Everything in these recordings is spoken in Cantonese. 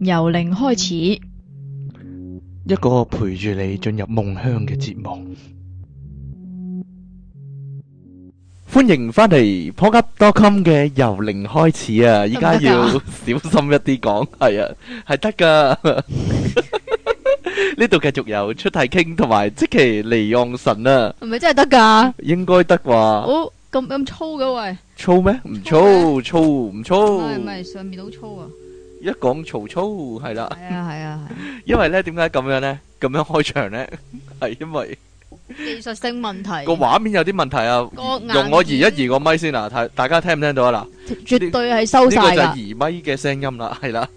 由零開始，一個陪住你進入夢鄉嘅節目。歡迎翻嚟 procup.com 嘅由零開始啊！依家要小心一啲講，係啊，係得噶。呢度繼續有出太傾同埋即其離讓神啊！係咪真係得噶？應該得啩？哦，咁咁粗嘅喂？粗咩？唔粗，粗唔粗？唔係，上面都粗啊！一講曹操係啦，係啊係啊係，啊因為咧點解咁樣咧咁樣開場咧？係因為 技術性問題，個畫面有啲問題啊！用我移一移個咪先啊，睇大家聽唔聽到啊？嗱，絕對係收晒啦，個移咪嘅聲音啦，係啦。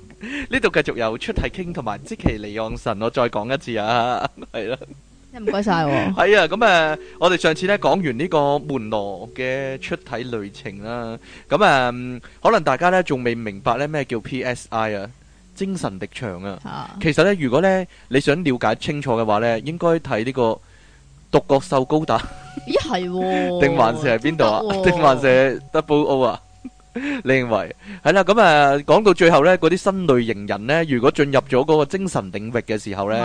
呢度繼續有出題傾，同埋即其離岸神，我再講一次啊，係啦、啊。唔該晒，係 啊，咁誒、嗯，我哋上次咧講完呢個門羅嘅出體旅程啦，咁、嗯、誒、嗯，可能大家咧仲未明白咧咩叫 PSI 啊，精神敵場啊，啊其實咧如果咧你想了解清楚嘅話咧，應該睇呢個獨角獸高達咦，咦係，定還是係邊度啊？定還是 Double O 啊？你認為係啦，咁啊，講到最後咧，嗰啲新類型人咧，如果進入咗嗰個精神領域嘅時候咧，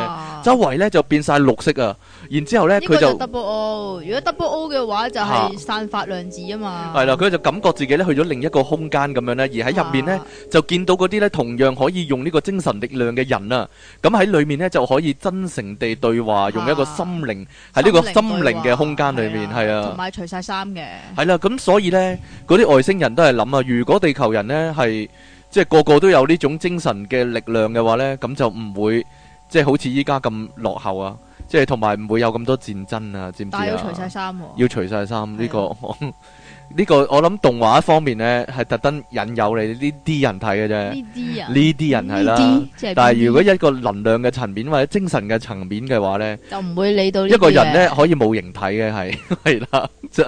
周圍咧就變晒綠色啊，然之後咧佢就 double O，如果 double O 嘅話就係散發量子啊嘛，係啦，佢就感覺自己咧去咗另一個空間咁樣咧，而喺入面咧就見到嗰啲咧同樣可以用呢個精神力量嘅人啊，咁喺裏面咧就可以真誠地對話，用一個心靈喺呢個心靈嘅空間裏面，係啊，同埋除晒衫嘅，係啦，咁所以咧嗰啲外星人都係諗。啊！如果地球人咧係即係個個都有呢種精神嘅力量嘅話咧，咁就唔會即係好似依家咁落後啊！即係同埋唔會有咁多戰爭啊，知唔知啊？要除晒衫，要除晒衫。呢個呢個我諗動畫方面咧係特登引誘你呢啲人睇嘅啫。呢啲人，呢啲人係啦。但係如果一個能量嘅層面或者精神嘅層面嘅話咧，就唔會理到呢一個人咧可以冇形體嘅係係啦，就。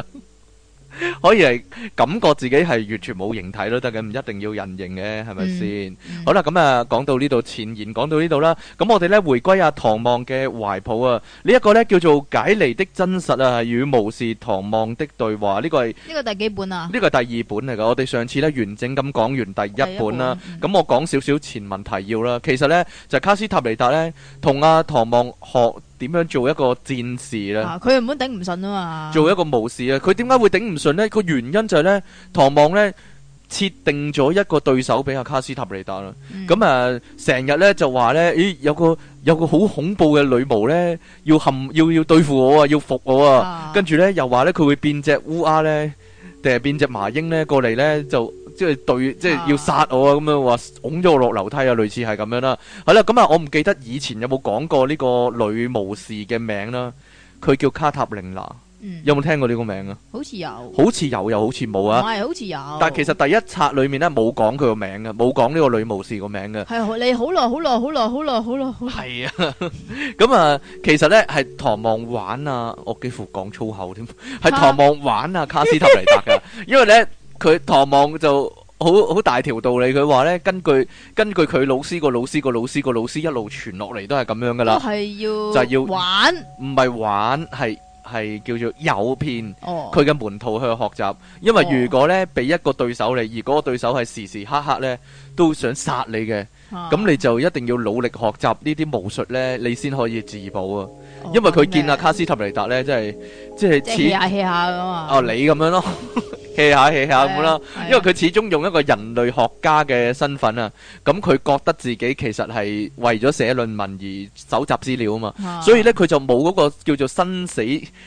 可以係感覺自己係完全冇形體都得嘅，唔一定要人形嘅，係咪先？嗯嗯、好啦，咁、嗯、啊，講到呢度前言，講到呢度啦。咁我哋咧回歸阿、啊、唐望嘅懷抱啊，呢個、呢一個咧叫做解離的真實啊，與巫士唐望的對話，呢、呢個係呢個第幾本啊？呢個係第二本嚟噶，我哋上次咧完整咁講完第一本啦。咁、嗯、我講少少前文提要啦。其實咧就係、卡斯塔尼達咧同阿唐望學。點樣做一個戰士咧？佢根本頂唔順啊嘛！做一個無事啊，佢點解會頂唔順咧？個原因就係咧，唐望咧設定咗一個對手俾阿卡斯塔尼達啦。咁啊，成日咧就話咧，誒有個有個好恐怖嘅女巫咧，要陷要要對付我啊，要服我啊。跟住咧又話咧，佢會變隻烏鴉咧，定係變隻麻鷹咧過嚟咧就。即係對，即係要殺我啊！咁樣話，㧬咗我落樓梯啊，類似係咁樣啦。係啦，咁啊，我唔記得以前有冇講過呢個女巫士嘅名啦。佢叫卡塔琳娜，有冇聽過呢個名啊？好似有，好似有，又好似冇啊？唔係，好似有。但係其實第一冊裏面咧，冇講佢個名嘅，冇講呢個女巫士個名嘅。係你好耐，好耐，好耐，好耐，好耐，好耐。係啊，咁啊，其實咧係唐望玩啊，我幾乎講粗口添，係唐望玩啊，卡斯塔尼達嘅，因為咧。佢唐望就好好大條道理，佢話咧根據根據佢老師個老師個老師個老，老師一路傳落嚟都係咁樣噶啦，是就係要玩，唔係玩係係叫做誘騙佢嘅門徒去學習。哦、因為如果呢，俾一個對手你，而果個對手係時時刻刻呢都想殺你嘅，咁、啊、你就一定要努力學習呢啲武術呢，你先可以自保啊。哦、因為佢見阿卡斯塔尼達呢，真係即係氣氣下你咁樣咯。 hea 下 hea 下咁咯，因為佢始終用一個人類學家嘅身份啊，咁佢覺得自己其實係為咗寫論文而搜集資料啊嘛，所以咧佢就冇嗰個叫做生死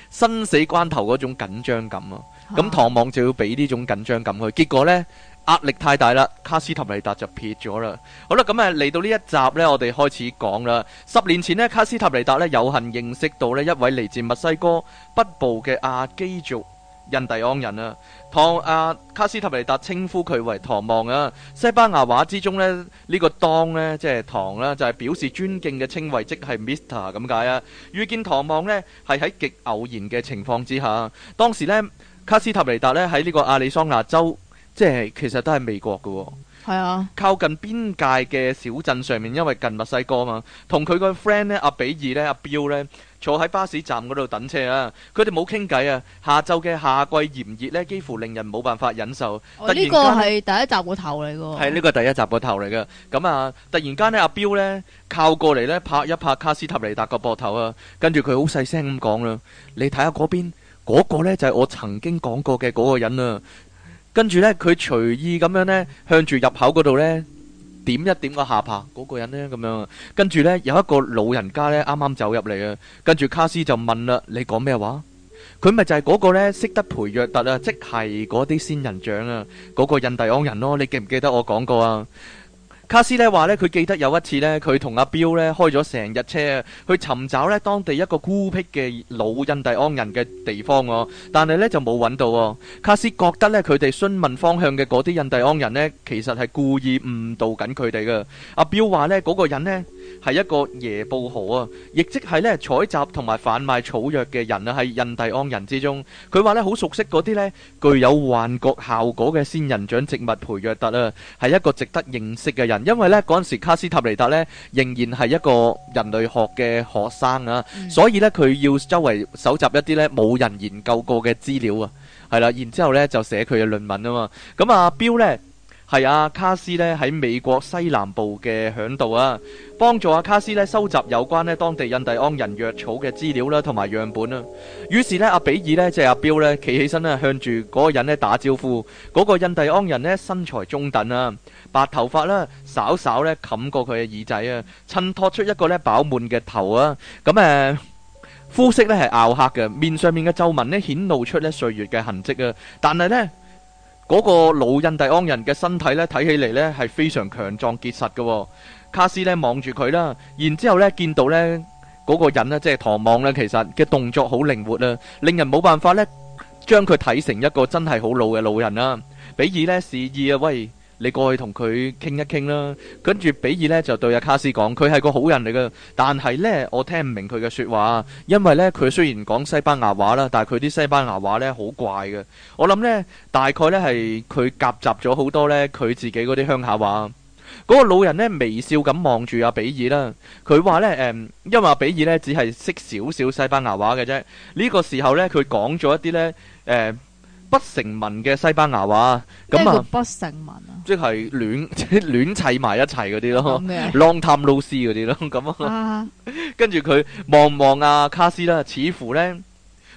生死關頭嗰種緊張感啊，咁唐望就要俾呢種緊張感佢，結果咧壓力太大啦，卡斯塔尼達就撇咗啦。好啦，咁啊嚟到呢一集咧，我哋開始講啦。十年前咧，卡斯塔尼達咧有幸認識到咧一位嚟自墨西哥北部嘅亞基族印第安人啊，唐阿、啊、卡斯塔尼達稱呼佢為唐望啊。西班牙話之中咧，呢、這個當呢，即係唐啦、啊，就係、是、表示尊敬嘅稱謂，即係 Mr 咁解啊。遇見唐望呢，係喺極偶然嘅情況之下。當時呢，卡斯塔尼達呢喺呢個亞利桑那州，即係其實都係美國嘅、哦。係啊，靠近邊界嘅小鎮上面，因為近墨西哥嘛，同佢個 friend 咧，阿比爾咧，阿彪咧，坐喺巴士站嗰度等車啊。佢哋冇傾偈啊。下晝嘅夏季炎熱咧，幾乎令人冇辦法忍受。呢個係第一集個頭嚟噶，係呢個第一集個頭嚟嘅。咁啊，突然間咧，阿彪咧靠過嚟咧，拍一拍卡斯塔尼達個膊頭啊，跟住佢好細聲咁講啦：你睇下嗰邊嗰個咧，就係、是、我曾經講過嘅嗰個人啊。跟住呢，佢隨意咁樣呢，向住入口嗰度呢點一點個下巴，嗰個人呢，咁樣。跟住呢，有一個老人家呢，啱啱走入嚟啊。跟住卡斯就問啦：你講咩話？佢咪就係嗰個呢，識得培約特啊，即係嗰啲仙人掌啊，嗰個印第安人咯。你記唔記得我講過啊？卡斯咧話咧，佢記得有一次咧，佢同阿彪咧開咗成日車去尋找咧當地一個孤僻嘅老印第安人嘅地方喎，但係咧就冇揾到喎。卡斯覺得咧佢哋詢問方向嘅嗰啲印第安人呢，其實係故意誤導緊佢哋嘅。阿彪話咧，嗰個人呢，係一個耶布豪啊，亦即係呢採集同埋販賣草藥嘅人啊，喺印第安人之中。佢話呢好熟悉嗰啲呢具有幻覺效果嘅仙人掌植物培約特啊，係一個值得認識嘅人，因為呢嗰陣時卡斯塔尼達呢仍然係一個人類學嘅學生啊，嗯、所以呢佢要周圍搜集一啲呢冇人研究過嘅資料啊，係啦，然之後呢就寫佢嘅論文啊嘛。咁阿標呢。係啊，卡斯呢喺美國西南部嘅嚮導啊，幫助阿卡斯呢收集有關呢當地印第安人藥草嘅資料啦、啊，同埋樣本啦、啊。於是呢，阿比爾呢就係阿彪呢企起身呢向住嗰個人呢打招呼。嗰、那個印第安人呢，身材中等啊，白頭髮啦，稍稍呢冚過佢嘅耳仔啊，襯托出一個呢飽滿嘅頭啊。咁誒、啊，膚色呢係黝黑嘅，面上面嘅皺紋呢顯露出呢歲月嘅痕跡啊。但係呢。嗰個老印第安人嘅身體咧，睇起嚟咧係非常強壯結實嘅、哦。卡斯咧望住佢啦，然之後咧見到咧嗰、那個人咧，即係唐望咧，其實嘅動作好靈活啊，令人冇辦法咧將佢睇成一個真係好老嘅老人啦、啊。比爾咧示意、啊、威。喂你過去同佢傾一傾啦，跟住比爾呢，就對阿卡斯講：佢係個好人嚟嘅。但係呢，我聽唔明佢嘅説話，因為呢，佢雖然講西班牙話啦，但係佢啲西班牙話呢，好怪嘅。我諗呢，大概呢，係佢夾雜咗好多呢，佢自己嗰啲鄉下話。嗰、那個老人呢，微笑咁望住阿比爾啦，佢話呢，誒、嗯，因為阿比爾呢，只係識少少西班牙話嘅啫。呢、這個時候呢，佢講咗一啲呢。誒、嗯。不成文嘅西班牙話，咁啊不成文啊，即係亂即係亂砌埋一齊嗰啲咯，浪探老師嗰啲咯，咁啊，啊跟住佢望望阿卡斯啦，似乎咧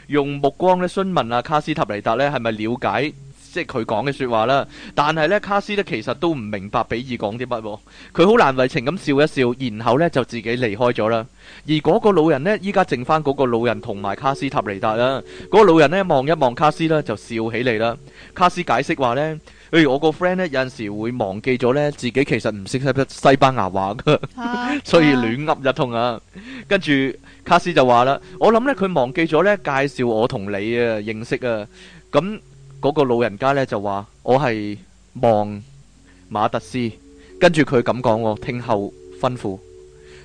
用目光咧詢問啊，卡斯，呢呢呢、啊、卡斯塔尼達咧係咪了解、嗯？即係佢講嘅說話啦，但係咧卡斯咧其實都唔明白比爾講啲乜，佢好難為情咁笑一笑，然後咧就自己離開咗啦。而嗰個老人呢，依家剩翻嗰個老人同埋卡斯塔尼達啦。嗰個老人呢，望一望卡斯啦，就笑起嚟啦。卡斯解釋話呢：哎，譬如我個 friend 呢有陣時會忘記咗呢，自己其實唔識得西班牙話噶。 所以亂噏一通啊。跟住卡斯就話啦，我諗呢，佢忘記咗呢介紹我同你啊認識啊，咁。嗰個老人家咧，就話我係望馬特斯，跟住佢咁講，聽候吩咐。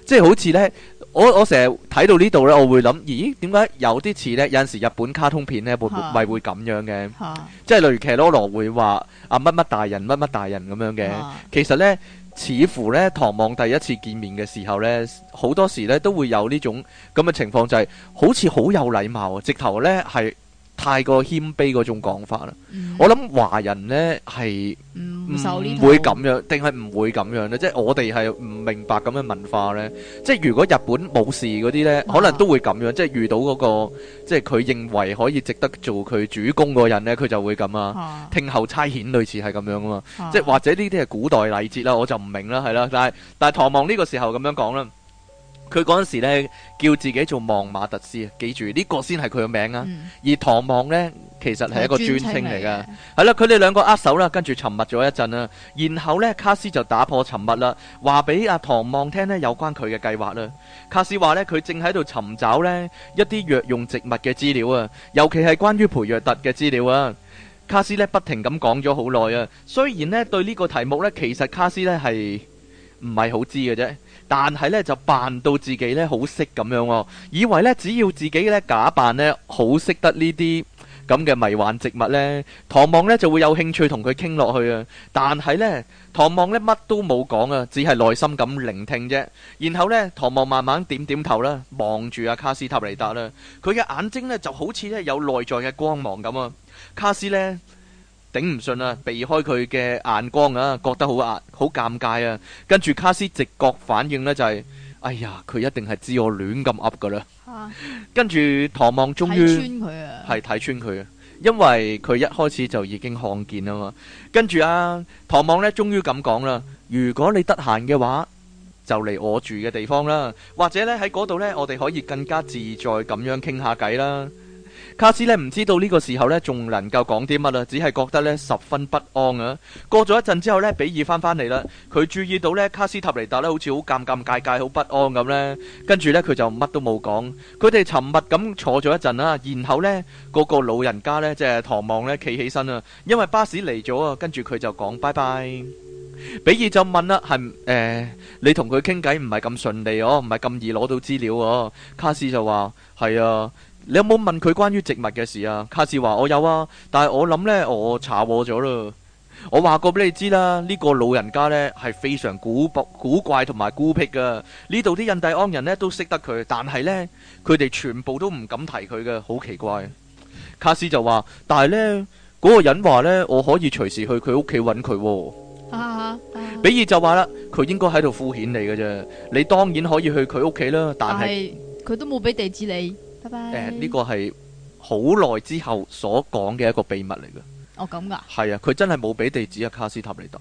即係好似呢，我我成日睇到呢度呢，我會諗，咦，點解有啲似呢？有陣時日本卡通片咧，會咪，啊、會咁樣嘅，啊、即係例如騎羅羅會話阿乜乜大人乜乜大人咁樣嘅。啊、其實呢，似乎呢，唐望第一次見面嘅時候呢，好多時呢，都會有呢種咁嘅情況，就是，就係好似好有禮貌，直頭呢係太過謙卑嗰種講法啦，嗯、我諗華人呢係唔受，唔會咁樣定係唔會咁樣呢？即係我哋係唔明白咁樣文化呢。即係如果日本冇事嗰啲呢，可能都會咁樣，啊、即係遇到嗰、嗰個即係佢認為可以值得做佢主公嗰人呢，佢就會咁啊，聽候差遣，類似係咁樣啊嘛。即係或者呢啲係古代禮節啦，我就唔明啦，係啦，但係但係唐望呢個時候咁樣講啦。佢嗰陣時咧叫自己做望馬特斯，記住呢、呢個先係佢嘅名啊。嗯、而唐望呢，其實係一個尊稱嚟噶。係啦、嗯，佢、嗯、哋兩個握手啦，跟住沉默咗一陣啊。然後呢，卡斯就打破沉默啦，話俾阿唐望聽呢，有關佢嘅計劃啦。卡斯話呢，佢正喺度尋找呢一啲藥用植物嘅資料啊，尤其係關於培若特嘅資料啊。卡斯呢，不停咁講咗好耐啊，雖然呢，對呢個題目呢，其實卡斯呢係。唔係好知嘅啫，但係呢就扮到自己呢好識咁樣喎、哦，以為呢只要自己呢假扮呢好識得呢啲咁嘅迷幻植物呢，唐望呢就會有興趣同佢傾落去啊！但係呢，唐望呢乜都冇講啊，只係內心咁聆聽啫。然後呢，唐望慢慢點點頭啦，望住阿卡斯塔尼達啦，佢嘅眼睛呢就好似呢有內在嘅光芒咁啊，卡斯呢，頂唔順啦，避開佢嘅眼光啊，覺得好壓，好尷尬啊。跟住卡斯直覺反應咧就係，哎呀，佢一定係知我亂咁噏噶啦。跟住唐望終於係睇穿佢啊，因為佢一開始就已經看見啊嘛。跟住啊，唐望咧終於咁講啦，如果你得閒嘅話，就嚟我住嘅地方啦，或者咧喺嗰度咧，我哋可以更加自在咁樣傾下偈啦。卡斯呢唔知道呢個時候呢仲能夠講啲乜啦，只係覺得呢十分不安啊。過咗一陣之後呢，比爾翻返嚟啦，佢注意到呢卡斯塔尼達呢好似好尷尷尬尬，好不安咁呢。跟住呢，佢就乜都冇講，佢哋沉默咁坐咗一陣啦。然後呢，嗰個老人家呢，即係唐望呢，企起身啊，因為巴士嚟咗啊。跟住佢就講拜拜。比爾就問啦：係誒、欸，你同佢傾偈唔係咁順利哦，唔係咁易攞到資料哦？卡斯就話：係啊。你有冇問佢關於植物嘅事啊？卡斯話我有啊，但係我諗呢，我查過咗啦。我話過俾你知啦，呢個老人家呢係非常古朴、古怪同埋孤僻噶。呢度啲印第安人呢都識得佢，但係呢，佢哋全部都唔敢提佢嘅。好奇怪。卡斯就話，但係呢，嗰個人話呢，我可以隨時去佢屋企揾佢。啊，比爾就話啦，佢應該喺度敷衍你噶啫。你當然可以去佢屋企啦，但係佢都冇俾地址你。誒，呢、呃，這個係好耐之後所講嘅一個秘密嚟嘅。哦，咁噶係啊，佢真係冇俾地址啊，卡斯塔尼達。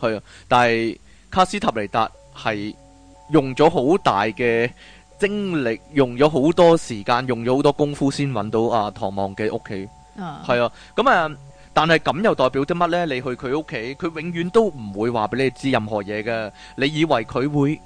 係啊，但係卡斯塔尼達係用咗好大嘅精力，用咗好多時間，用咗好多功夫先揾到啊唐望嘅屋企。啊，係啊。咁啊、嗯，但係咁又代表啲乜呢？你去佢屋企，佢永遠都唔會話俾你知任何嘢嘅。你以為佢會？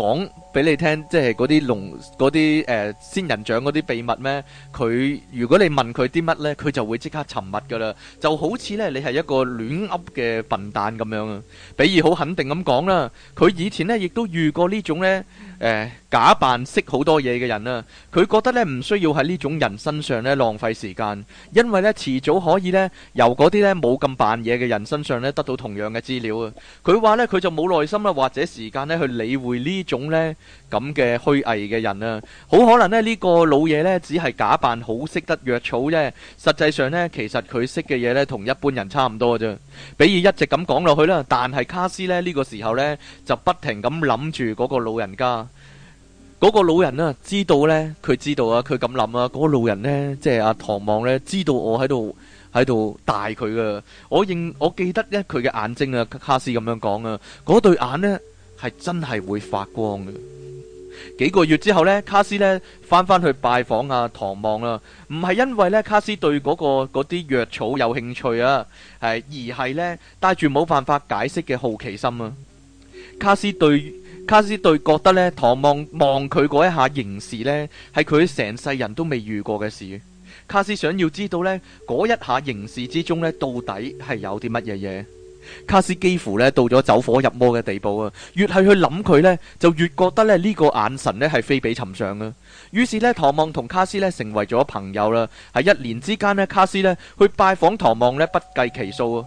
講俾你聽，即係嗰啲龍、嗰啲誒仙人掌嗰啲秘密咩？佢，如果你問佢啲乜呢，佢就會即刻沉默噶啦，就好似呢，你係一個亂噏嘅笨蛋咁樣啊！比爾好肯定咁講啦，佢以前呢，亦都遇過呢種呢。誒，假扮識好多嘢嘅人啊，佢覺得呢唔需要喺呢種人身上呢浪費時間，因為呢遲早可以呢由嗰啲呢冇咁扮嘢嘅人身上呢得到同樣嘅資料啊。佢話呢，佢就冇耐心啦，或者時間呢去理會呢種呢咁嘅虛偽嘅人啊。好可能呢，呢個老嘢呢只係假扮好識得藥草啫，實際上呢，其實佢識嘅嘢呢同一般人差唔多啫。比如一直咁講落去啦，但係卡斯呢，呢個時候呢，就不停咁諗住嗰個老人家。嗰個老人啦、啊，知道呢，佢知道啊，佢咁諗啊。嗰、那個老人呢，即係阿、啊、唐望呢，知道我喺度喺度帶佢嘅。我認我記得呢，佢嘅眼睛啊，卡斯咁樣講啊，嗰對眼呢，係真係會發光嘅。幾個月之後呢，卡斯呢，返返去拜訪阿、啊、唐望啊。唔係因為呢，卡斯對嗰、那個嗰啲藥草有興趣啊，係而係呢，帶住冇辦法解釋嘅好奇心啊。卡斯對。卡斯對覺得呢，唐望望佢嗰一下凝視呢，係佢成世人都未遇過嘅事。卡斯想要知道呢，嗰一下凝視之中呢，到底係有啲乜嘢嘢？卡斯幾乎呢，到咗走火入魔嘅地步啊！越係去諗佢呢，就越覺得呢呢，呢個眼神呢係非比尋常啊！於是呢，唐望同卡斯呢，成為咗朋友啦，喺一年之間呢，卡斯呢去拜訪唐望呢，不計其數啊！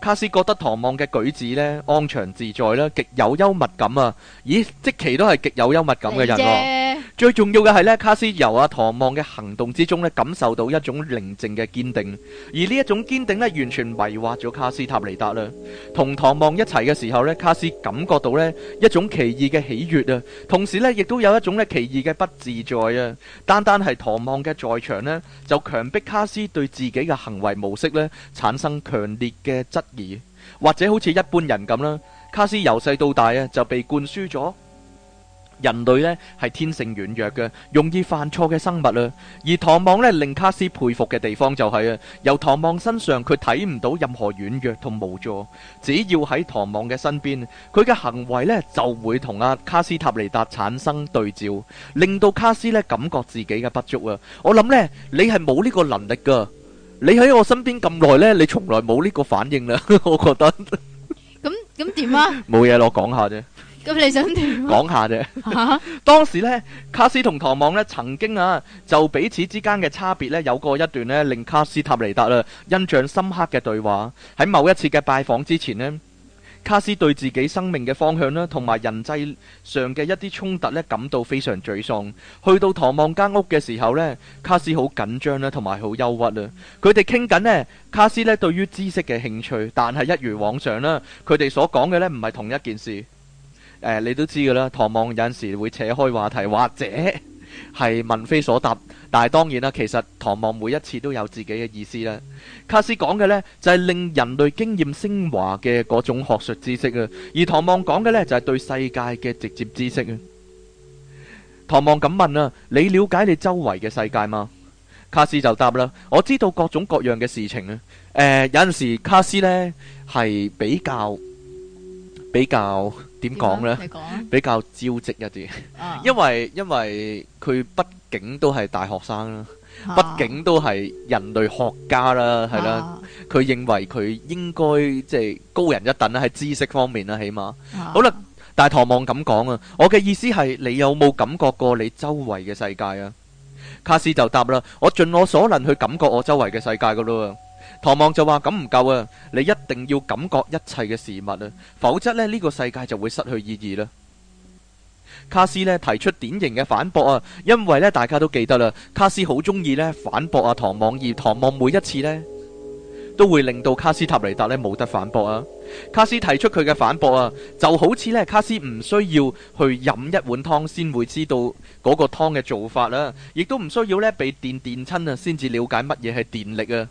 卡斯覺得唐望嘅舉止呢，安詳自在啦，極有幽默感啊！咦，即其都係極有幽默感嘅人啊。最重要嘅係咧，卡斯由阿唐望嘅行動之中咧感受到一種寧靜嘅堅定，而呢一種堅定咧完全迷惑咗卡斯塔尼達啦。同唐望一齊嘅時候咧，卡斯感覺到咧一種奇異嘅喜悅啊，同時咧亦都有一種咧奇異嘅不自在啊。單單係唐望嘅在場咧，就強迫卡斯對自己嘅行為模式咧產生強烈嘅質疑，或者好似一般人咁啦，卡斯由細到大啊就被灌輸咗。人類是天性軟弱的，容易犯錯的生物。而唐望令卡斯佩服的地方就是由唐望身上，他看不到任何軟弱和無助。只要在唐望的身邊，他的行為就會和卡斯塔尼達產生對照，令到卡斯感覺自己的不足。我想你是沒有這個能力的，你在我身邊那麼久，你從來沒有這個反應，我覺得。咁咁點呀？冇嘢，我講下啫。咁你想點講一下啫？ 當時呢，卡斯同唐望呢，曾經啊，就彼此之間嘅差別呢，有過一段呢令卡斯塔尼達啦印象深刻嘅對話。喺某一次嘅拜訪之前呢，卡斯對自己生命嘅方向啦，同埋人際上嘅一啲衝突呢，感到非常沮喪。去到唐望間屋嘅時候呢，卡斯好緊張啦，同埋好憂鬱啦。佢哋傾緊呢，卡斯呢對於知識嘅興趣，但係一如往常啦，佢哋所講嘅呢，唔係同一件事。誒、呃，你都知㗎啦，唐望有陣時會扯開話題，或者係問非所答。但係當然啦，其實唐望每一次都有自己嘅意思啦。卡斯講嘅呢就係、是、令人類經驗升華嘅嗰種學術知識啊，而唐望講嘅呢就係、是、對世界嘅直接知識啊。唐望咁問啦、啊：你了解你周圍嘅世界嗎？卡斯就答啦：我知道各種各樣嘅事情啊。誒、呃，有陣時卡斯呢係比較比較。比較點講呢?比較招積一啲。因為,因為,佢畢竟都係大學生啦。畢竟都係人類學家啦,係啦。佢認為佢應該,即係,高人一等啦,喺知識方面啦,起碼。好啦,大唐望咁說啊。我嘅意思係,你有冇感覺過你周圍嘅世界啊?卡斯就答啦,我盡我所能去感覺我周圍嘅世界㗎咯。 唐望就話咁唔夠啊，你一定要感覺一切嘅事物啊，否則呢，呢個世界就會失去意義啦。卡斯咧提出典型嘅反駁啊，因為咧大家都記得啦，卡斯好中意咧反駁啊唐望，而唐望每一次呢，都會令到卡斯塔尼達咧冇得反駁啊。卡斯提出佢嘅反駁啊，就好似呢，卡斯唔需要去飲一碗湯先會知道嗰個湯嘅做法啦啊，亦都唔需要呢，被電電親啊先至了解乜嘢係電力啊。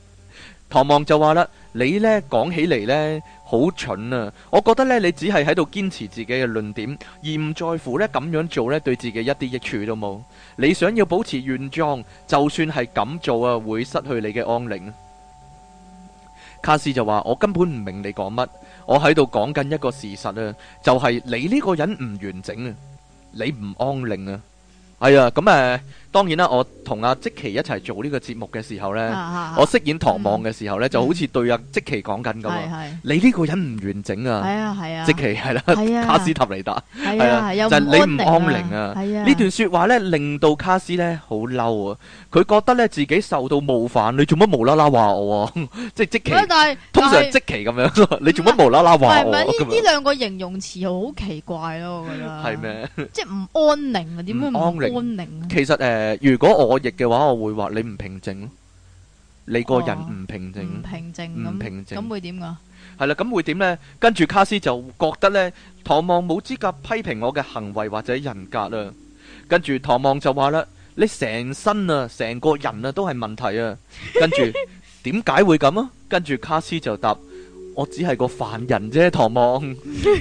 唐望就話啦，你呢講起嚟呢好蠢啊！我覺得呢，你只係喺度堅持自己嘅論點，而唔在乎呢咁樣做呢對自己一啲益處都冇。你想要保持原狀，就算係咁做啊，會失去你嘅安寧。卡斯就話：我根本唔明你講乜，我喺度講緊一個事實啊，就係、是、你呢個人唔完整啊，你唔安寧啊。係啊，咁、呃、誒。當然啦，我同阿積奇一齊做呢個節目嘅時候咧，我飾演唐望嘅時候咧，就好似對阿積奇講緊咁啊！你呢個人唔完整啊！係啊係啊，積奇係啦，卡斯塔尼達係啊，就係你唔安寧啊！係啊，呢段説話咧令到卡斯咧好嬲啊！佢覺得咧自己受到冒犯，你做乜無啦啦話我？即積奇，但係通常積奇咁樣，你做乜無啦啦話我？唔係唔係呢呢兩個形容詞好奇怪咯！我覺得係咩？即唔安寧啊？點解唔安寧？其實誒。誒，如果我逆嘅話，我會話你唔平靜咯，你個人唔平靜，唔平靜咁會點噶？係啦，咁會點咧？跟住卡斯就覺得咧，唐望冇資格批評我嘅行為或者人格啊。跟住唐望就話啦，你成身啊，成個人啊，都係問題啊。跟住點解會咁啊？跟住卡斯就答。我只係個凡人啫，唐望。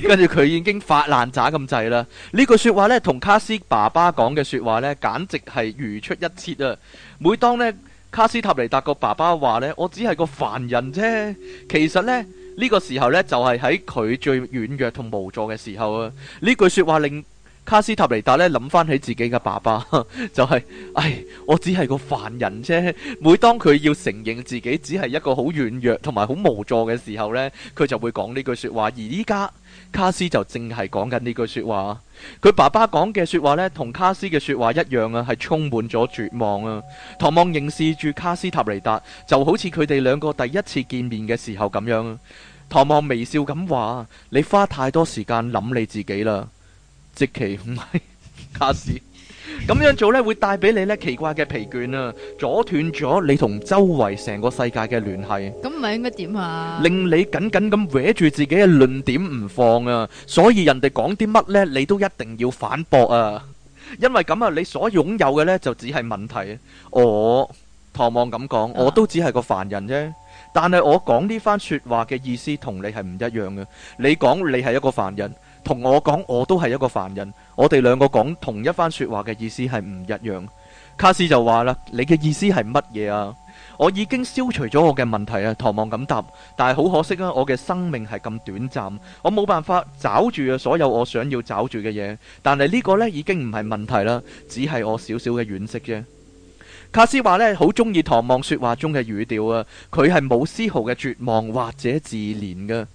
跟住佢已經發爛渣咁滯啦。呢句說話呢，同卡斯爸爸講嘅說話呢，簡直係如出一轍啊！每當呢，卡斯塔尼達個爸爸話呢，「我只係個凡人啫」，其實呢，呢個時候呢，就係喺佢最軟弱同無助嘅時候啊！呢句說話令。卡斯塔尼達咧諗翻起自己嘅爸爸，就係，唉，我只係個凡人啫。每當佢要承認自己只係一個好軟弱同埋好無助嘅時候呢，佢就會講呢句說話。而依家卡斯就淨係講緊呢句說話。佢爸爸講嘅說話呢，同卡斯嘅說話一樣啊，係充滿咗絕望啊。唐望凝視住卡斯塔尼達，就好似佢哋兩個第一次見面嘅時候咁樣啊。唐望微笑咁話：你花太多時間諗你自己啦。直其唔係假事，咁樣做咧會帶俾你呢奇怪嘅疲倦啊，阻斷咗你同周圍成個世界嘅聯繫。咁唔係應該點啊？令你緊緊咁搲住自己嘅論點唔放啊，所以人哋講啲乜呢，你都一定要反駁啊。因為咁啊，你所擁有嘅呢就只係問題。我唐望咁講，我都只係個凡人啫。但係我講呢番說話嘅意思同你係唔一樣嘅。你講你係一個凡人。同我講，我都係一個凡人。我哋兩個講同一番說話嘅意思係唔一樣。卡斯就話啦：你嘅意思係乜嘢啊？我已經消除咗我嘅問題啊！唐望咁答，但係好可惜啊，我嘅生命係咁短暫，我冇辦法找住啊所有我想要找住嘅嘢。但係呢個呢已經唔係問題啦，只係我少少嘅惋惜啫。卡斯話呢好中意唐望說話中嘅語調啊，佢係冇絲毫嘅絕望或者自憐嘅。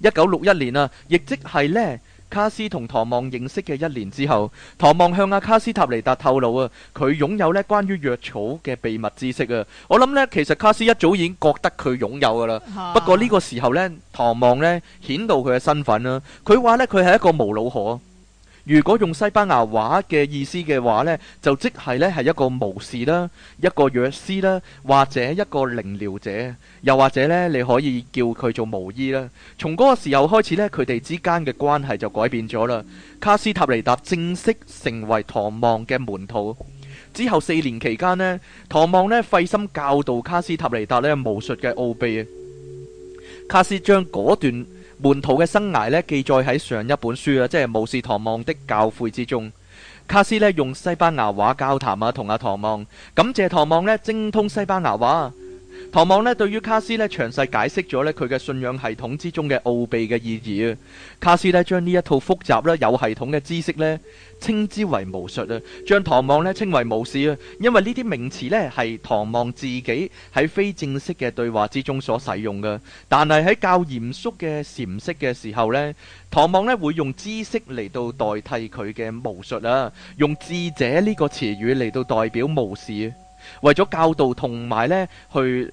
一九六一年啊，亦即係呢。卡斯同唐望認識嘅一年之後，唐望向阿、啊、卡斯塔尼達透露啊，佢擁有咧關於藥草嘅秘密知識啊。我諗咧，其實卡斯一早已經覺得佢擁有噶啦。不過呢個時候咧，唐望咧顯露佢嘅身份啦。佢話咧，佢係一個無腦河。如果用西班牙話嘅意思嘅話呢，就即係呢係一個巫師啦，一個藥師啦，或者一個靈療者，又或者呢你可以叫佢做巫醫啦。從嗰個時候開始呢，佢哋之間嘅關係就改變咗啦。卡斯塔尼達正式成為唐望嘅門徒。之後四年期間呢，唐望呢費心教導卡斯塔尼達呢巫術嘅奧秘。卡斯將嗰段門徒嘅生涯呢，記載喺上一本書啊，即係《巫士唐望的教誨》之中。卡斯呢，用西班牙話交談啊，同阿唐望感謝唐望呢，精通西班牙話。唐望咧，對於卡斯咧，詳細解釋咗咧佢嘅信仰系統之中嘅奧秘嘅意義啊，卡斯咧將呢一套複雜啦有系統嘅知識咧稱之為巫術啊，將唐望咧稱為巫師啊，因為呢啲名詞咧係唐望自己喺非正式嘅對話之中所使用嘅。但係喺較嚴肅嘅闡釋嘅時候咧，唐望咧會用知識嚟到代替佢嘅巫術啊，用智者呢個詞語嚟到代表巫師，為咗教導同埋咧去。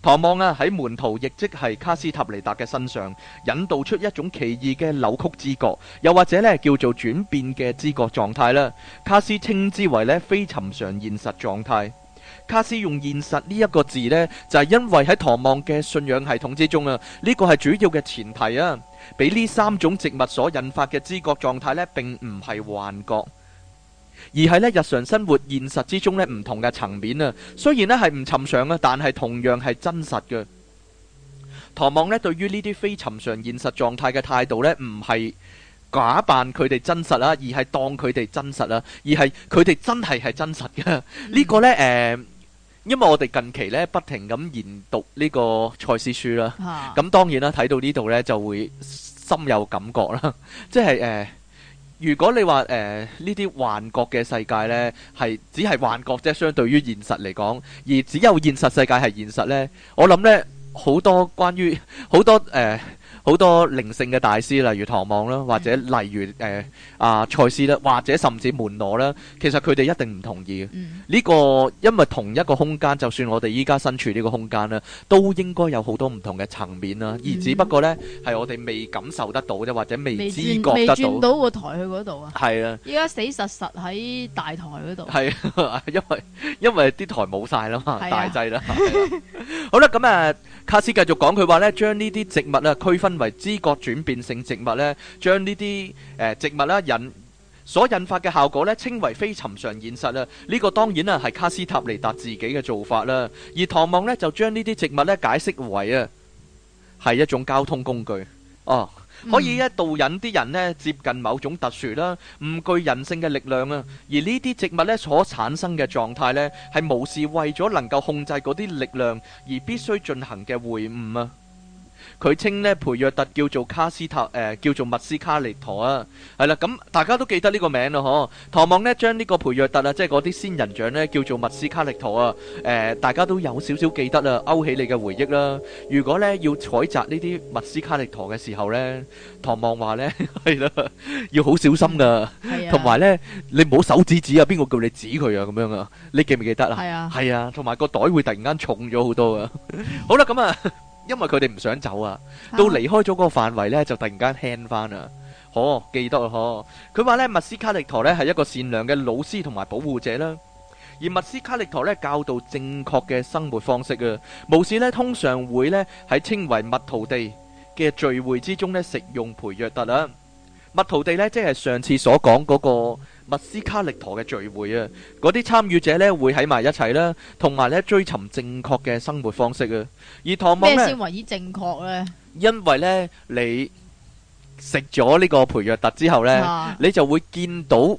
唐望啊，喺門徒，亦即係卡斯塔尼達嘅身上，引導出一種奇異嘅扭曲知覺，又或者咧叫做轉變嘅知覺狀態啦。卡斯稱之為咧非尋常現實狀態。卡斯用現實呢一個字咧，就係因為喺唐望嘅信仰系統之中啊，呢個係主要嘅前提啊。俾呢三種植物所引發嘅知覺狀態咧，並唔係幻覺。而係咧日常生活現實之中咧唔同嘅層面啊，雖然咧係唔尋常啊，但係同樣係真實嘅。唐望呢對於呢啲非尋常，常現實狀態嘅態度呢，唔係假扮佢哋真實啦，而係當佢哋真實啦，而係佢哋真係係真實嘅。呢、嗯、個呢，誒、呃，因為我哋近期呢不停咁研讀呢個賽斯書啦，咁、啊、當然啦睇到呢度呢就會深有感覺啦，即係誒。呃如果你話誒，呢啲幻覺嘅世界呢，係只係幻覺啫，相對於現實嚟講，而只有現實世界係現實呢，我諗呢好多關於好多誒。呃好多靈性嘅大師，例如唐望啦，或者例如誒啊賽斯啦，或者甚至門羅啦，其實佢哋一定唔同意嘅。呢個因為同一個空間，就算我哋依家身處呢個空間啦，都應該有好多唔同嘅層面啦。而只不過咧，係我哋未感受得到啫，或者未知覺得到。轉到個台去嗰度啊？係啊！依家死實實喺大台嗰度。係，因為因為啲台冇曬啦嘛，大劑啦。好啦，咁啊，卡斯繼續講，佢話咧將呢啲植物咧區分。為知覺轉變性植物呢，將呢啲誒植物啦、啊、引所引發嘅效果呢稱為非尋常現實啊！呢、這個當然啊係卡斯塔尼達自己嘅做法啦、啊。而唐望呢，就將呢啲植物呢解釋為啊係一種交通工具哦，啊嗯、可以咧、啊、導引啲人呢接近某種特殊啦、啊、唔具人性嘅力量啊。而呢啲植物呢所產生嘅狀態呢，係無視為咗能夠控制嗰啲力量而必須進行嘅會晤啊。佢稱咧培約特叫做卡斯塔，誒、呃、叫做密斯卡力陀啊，係啦，咁大家都記得呢個名咯，嗬？唐望咧將呢個培約特啊，即係嗰啲仙人掌咧叫做密斯卡力陀啊，誒、呃，大家都有少少記得啦，勾起你嘅回憶啦。如果咧要採摘呢啲密斯卡力陀嘅時候咧，唐望話咧係啦，要好小心噶、啊，同埋咧你唔好手指指啊，邊個叫你指佢啊咁樣啊？你記唔記得啊？係啊的，係啊，同埋個袋會突然間重咗 好多啊。好啦，咁啊。因為佢哋唔想走啊，到離開咗嗰個範圍呢，就突然間輕翻啦。哦，記得哦，佢話呢，密斯卡力陀呢係一個善良嘅老師同埋保護者啦。而密斯卡力陀呢，教導正確嘅生活方式啊。巫師呢，通常會呢，喺稱為密徒地嘅聚會之中呢，食用培約特啦。密徒地呢，即係上次所講嗰個。密斯卡力陀嘅聚會啊，嗰啲參與者咧會喺埋一齊啦，同埋咧追尋正確嘅生活方式啊。而唐望，乜先為之正確咧？因為咧你食咗呢個培若特之後呢、啊、你就會見到。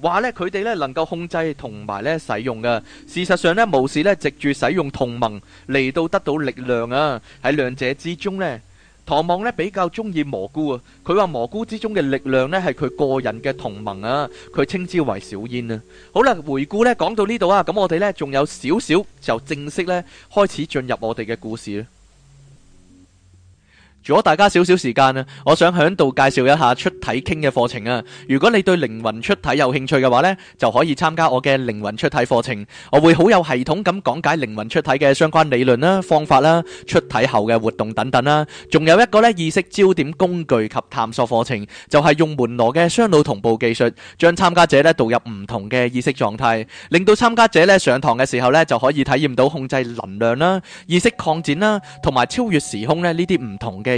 話呢，佢哋呢能夠控制同埋呢使用嘅。事實上呢，巫師呢，藉住使用同盟嚟到得到力量啊。喺兩者之中呢，唐望呢比較中意蘑菇啊。佢話蘑菇之中嘅力量呢，係佢個人嘅同盟啊。佢稱之為小煙啊。好啦，回顧呢講到呢度啊，咁我哋呢，仲有少少就正式呢，開始進入我哋嘅故事啦。如果大家少少時間啊，我想喺度介紹一下出體傾嘅課程啊。如果你對靈魂出體有興趣嘅話咧，就可以參加我嘅靈魂出體課程。我會好有系統咁講解靈魂出體嘅相關理論啦、方法啦、出體後嘅活動等等啦。仲有一個咧意識焦點工具及探索課程，就係用門羅嘅雙腦同步技術，將參加者咧導入唔同嘅意識狀態，令到參加者咧上堂嘅時候咧就可以體驗到控制能量啦、意識擴展啦，同埋超越時空咧呢啲唔同嘅。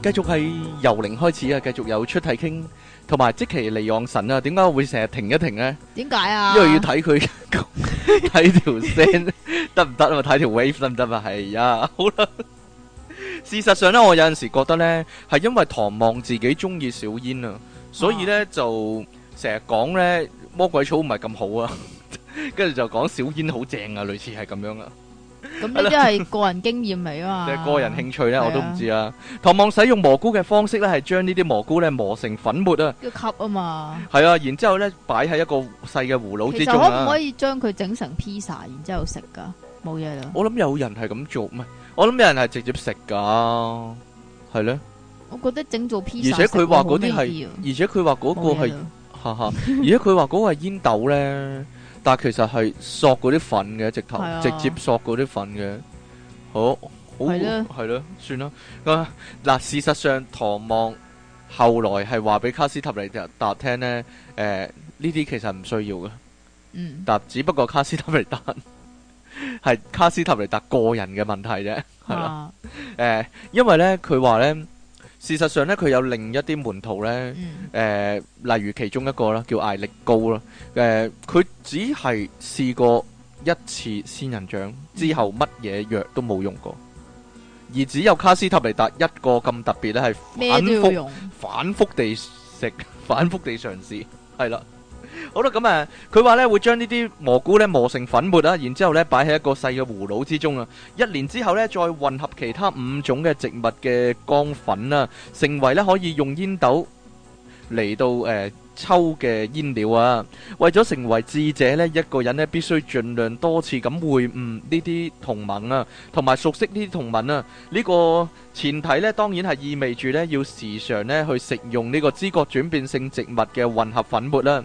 繼續喺由零開始啊，繼續有出體傾，同埋即其嚟讓神啊，點解會成日停一停呢？點解啊？因為要睇佢睇條線得唔得啊？睇條 wave 得唔得啊？係呀，好啦。事實上呢，我有陣時覺得呢，係因為唐望自己中意小煙啊，所以呢就成日講呢魔鬼草唔係咁好啊，跟住就講小煙好正啊，類似係咁樣啊。咁呢啲係個人經驗嚟啊嘛，即係個人興趣咧，我都唔知啦。唐望使用蘑菇嘅方式咧，係將呢啲蘑菇咧磨成粉末啊，要吸啊嘛。係啊，然之後咧擺喺一個細嘅葫蘆之中啦。其實可唔可以將佢整成 pizza，然之後食噶？冇嘢啦。我諗有人係咁做，唔係我諗有人係直接食噶，係咧。我覺得整做 pizza，而且佢話嗰啲係，而且佢話嗰個係，吓吓，而且佢話嗰個係煙斗咧。但其實係索嗰啲粉嘅，直頭直接索嗰啲粉嘅是、啊，好好係咯呢，算、啊、啦。嗱，事實上，唐望後來係話俾卡斯塔尼達聽咧，誒呢啲其實唔需要嘅。嗯，但只不過卡斯塔尼達係卡斯塔尼達個人嘅問題啫，係啦。誒、啊啊，因為呢，佢話呢。事實上呢，佢有另一啲門徒呢，誒、嗯呃，例如其中一個啦，叫艾力高啦，誒、呃，佢只係試過一次仙人掌之後，乜嘢藥都冇用過，而只有卡斯塔尼達一個咁特別呢，係反覆反覆地食，反覆地嘗試，係啦。好啦，咁啊，佢話咧會將呢啲蘑菇咧磨成粉末啊，然之後咧擺喺一個細嘅葫蘆之中啊，一年之後咧再混合其他五種嘅植物嘅乾粉啊，成為咧可以用煙斗嚟到誒抽嘅煙料啊。為咗成為智者咧，一個人咧必須盡量多次咁會晤呢啲同盟啊，同埋熟悉呢啲同盟啊。呢、這個前提咧，當然係意味住咧要時常咧去食用呢個知覺轉變性植物嘅混合粉末啦。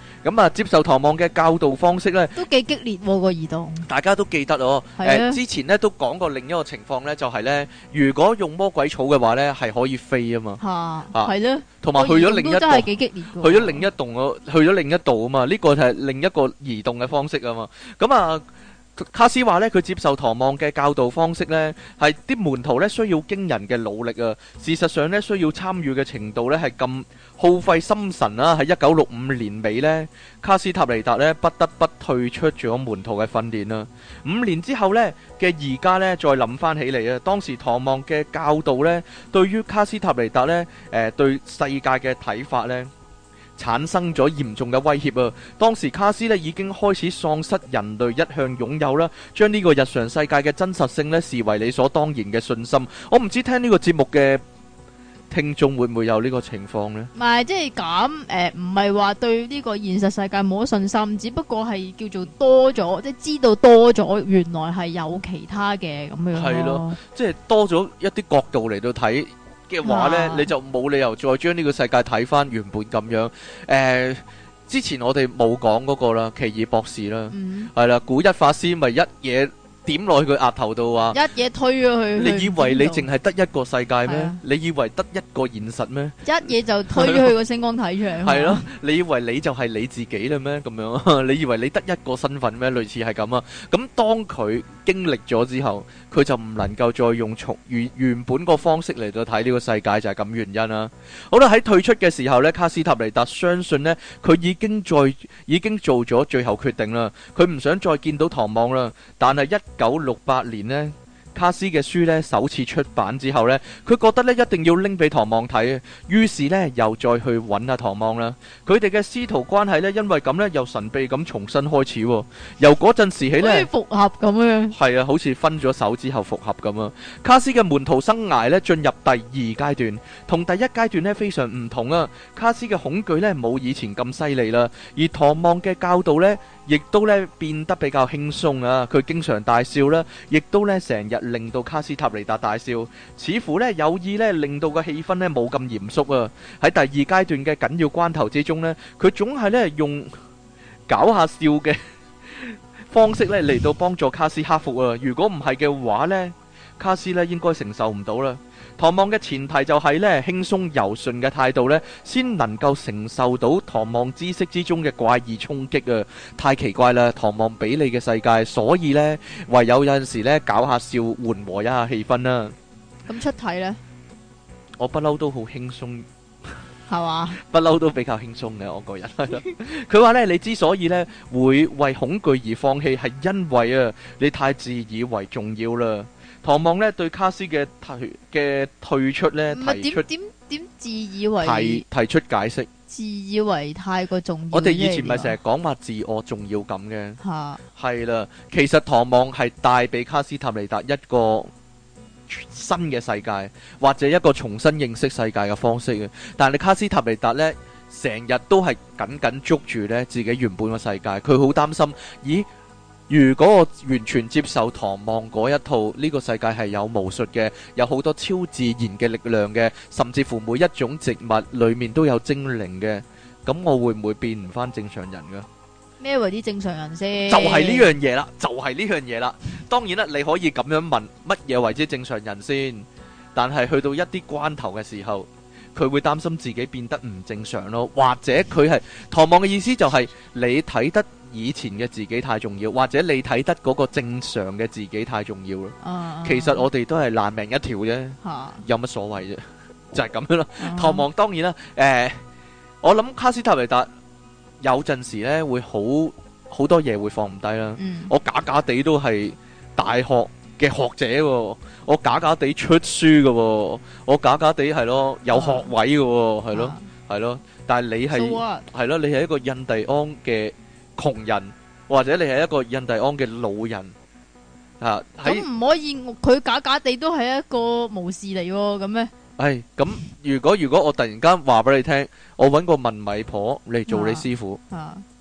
咁啊、嗯，接受唐望嘅教導方式咧，都幾激烈、那個移動。大家都記得哦，誒是的、欸、之前咧都講過另一個情況咧，就係、是、咧，如果用魔鬼草嘅話咧，係可以飛啊嘛。嚇嚇，係咯。同埋去咗另一棟、啊，去咗另一棟去咗另一度啊嘛。呢、這個就係另一個移動嘅方式啊嘛。咁、嗯、啊。嗯嗯卡斯話咧，佢接受唐望嘅教導方式呢，係啲門徒呢需要驚人嘅努力啊。事實上呢，需要參與嘅程度呢係咁耗費心神啦。喺一九六五年尾呢，卡斯塔尼達呢不得不退出咗門徒嘅訓練啦。五年之後呢嘅而家呢，再諗翻起嚟啊，當時唐望嘅教導呢，對於卡斯塔尼達呢誒對世界嘅睇法呢，產生咗嚴重嘅威脅啊！當時卡斯呢已經開始喪失人類一向擁有啦，將呢個日常世界嘅真實性呢視為理所當然嘅信心。我唔知聽呢個節目嘅聽眾會唔會有呢個情況呢？唔係，即係咁誒，唔係話對呢個現實世界冇信心，只不過係叫做多咗，即係知道多咗，原來係有其他嘅咁樣。係咯，即係多咗一啲角度嚟到睇。嘅話呢，哇你就冇理由再將呢個世界睇返原本咁樣。誒、呃，之前我哋冇講嗰個啦，奇異博士啦，係啦、嗯，古一法師咪一嘢。點落去佢額頭度啊，一嘢推咗佢。你以為你淨係得一個世界咩？你以為得一個現實咩？一嘢就推咗佢個星光體出。係咯，你以為你就係你自己啦咩？咁樣，你以為你得一個身份咩？類似係咁啊。咁當佢經歷咗之後，佢就唔能夠再用從原原本個方式嚟到睇呢個世界，就係咁原因啦。好啦，喺退出嘅時候呢，卡斯塔尼達相信呢，佢已經在已經做咗最後決定啦。佢唔想再見到唐望啦，但係一。一九六八年呢。卡斯嘅書咧首次出版之後咧，佢覺得咧一定要拎俾唐望睇，於是咧又再去揾阿、啊、唐望啦。佢哋嘅師徒關係咧，因為咁咧又神秘咁重新開始。由嗰陣時起咧，好似復合咁樣。係啊，好似分咗手之後復合咁啊。卡斯嘅門徒生涯咧進入第二階段，同第一階段咧非常唔同啊。卡斯嘅恐懼咧冇以前咁犀利啦，而唐望嘅教導咧亦都咧變得比較輕鬆啊。佢經常大笑啦，亦都咧成日。令到卡斯塔尼達大笑，似乎咧有意咧令到個氣氛咧冇咁嚴肅啊！喺第二階段嘅緊要關頭之中咧，佢總係咧用搞下笑嘅方式咧嚟到幫助卡斯克服啊！如果唔係嘅話咧，卡斯咧應該承受唔到啦。唐望嘅前提就係咧輕鬆柔順嘅態度咧，先能夠承受到唐望知識之中嘅怪異衝擊啊！太奇怪啦，唐望俾你嘅世界，所以咧唯有有陣時咧搞下笑，緩和一下氣氛啦。咁出體咧，我不嬲都好輕鬆，係嘛？不嬲都比較輕鬆嘅我個人。佢話咧，你之所以咧會為恐懼而放棄，係因為啊，你太自以為重要啦。唐望咧對卡斯嘅退嘅退出呢點點點自以為提提出解釋，自以為太過重要。我哋以前咪成日講話自我重要感嘅，係啦、啊，其實唐望係帶俾卡斯塔尼達一個新嘅世界，或者一個重新認識世界嘅方式嘅。但係卡斯塔尼達呢，成日都係緊緊捉住呢自己原本嘅世界，佢好擔心，咦？如果我完全接受唐望嗰一套，呢個世界係有巫術嘅，有好多超自然嘅力量嘅，甚至乎每一種植物裏面都有精靈嘅，咁我會唔會變唔翻正常人噶？咩為之正常人先？就係呢樣嘢啦，就係呢樣嘢啦。當然啦，你可以咁樣問乜嘢為之正常人先，但係去到一啲關頭嘅時候，佢會擔心自己變得唔正常咯，或者佢係唐望嘅意思就係你睇得。以前嘅自己太重要，或者你睇得嗰個正常嘅自己太重要啦。Uh huh. 其實我哋都係爛命一條啫，Huh. 有乜所謂啫？就係、是、咁樣咯。唐望、uh huh. 當然啦，誒、欸，我諗卡斯塔維達有陣時咧會好好多嘢會放唔低啦。Mm. 我假假地都係大學嘅學者喎，我假假地出書嘅喎，我假假地係咯有學位嘅喎，係咯，係咯。但係你係，係咯 So what?，你係一個印第安嘅窮人或者你係一個印第安嘅老人，吓咁唔可以佢假假地都係一個巫師嚟，咁咩？係咁，如果如果我突然間話俾你聽，我揾個問米婆嚟做你師傅，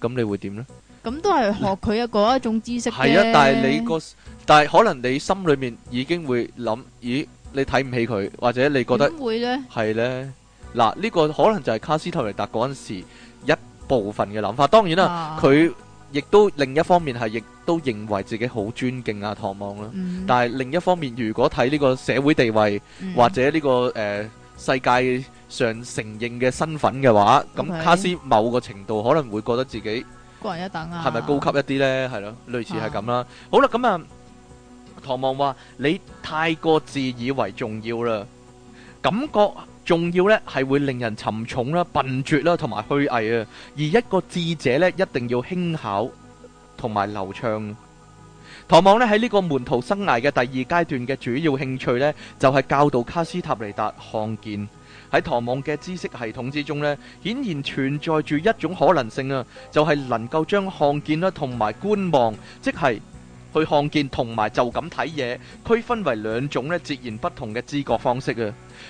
咁你會點咧？咁都係學佢一個一種知識。係啊，但係你個但係可能你心裏面已經會諗，咦？你睇唔起佢，或者你覺得點會咧？係咧，嗱呢個可能就係卡斯托尼達嗰陣時一。部分嘅諗法，當然啦，佢亦都另一方面係，亦都認為自己好尊敬啊唐望啦。但係另一方面，如果睇呢個社會地位或者呢個誒世界上承認嘅身份嘅話，咁卡斯某個程度可能會覺得自己個人一等，係咪高級一啲呢？係咯，類似係咁啦。好啦，咁啊，唐望話你太過自以為重要啦，感覺。重要呢，係會令人沉重啦、笨拙啦，同埋虛偽啊。而一個智者呢，一定要輕巧同埋流暢。唐望呢，喺呢個門徒生涯嘅第二階段嘅主要興趣呢，就係教導卡斯塔尼達看見。喺唐望嘅知識系統之中呢，顯然存在住一種可能性啊，就係能夠將看見啦同埋觀望，即係。去看見同埋就咁睇嘢，區分為兩種呢截然不同嘅知覺方式啊！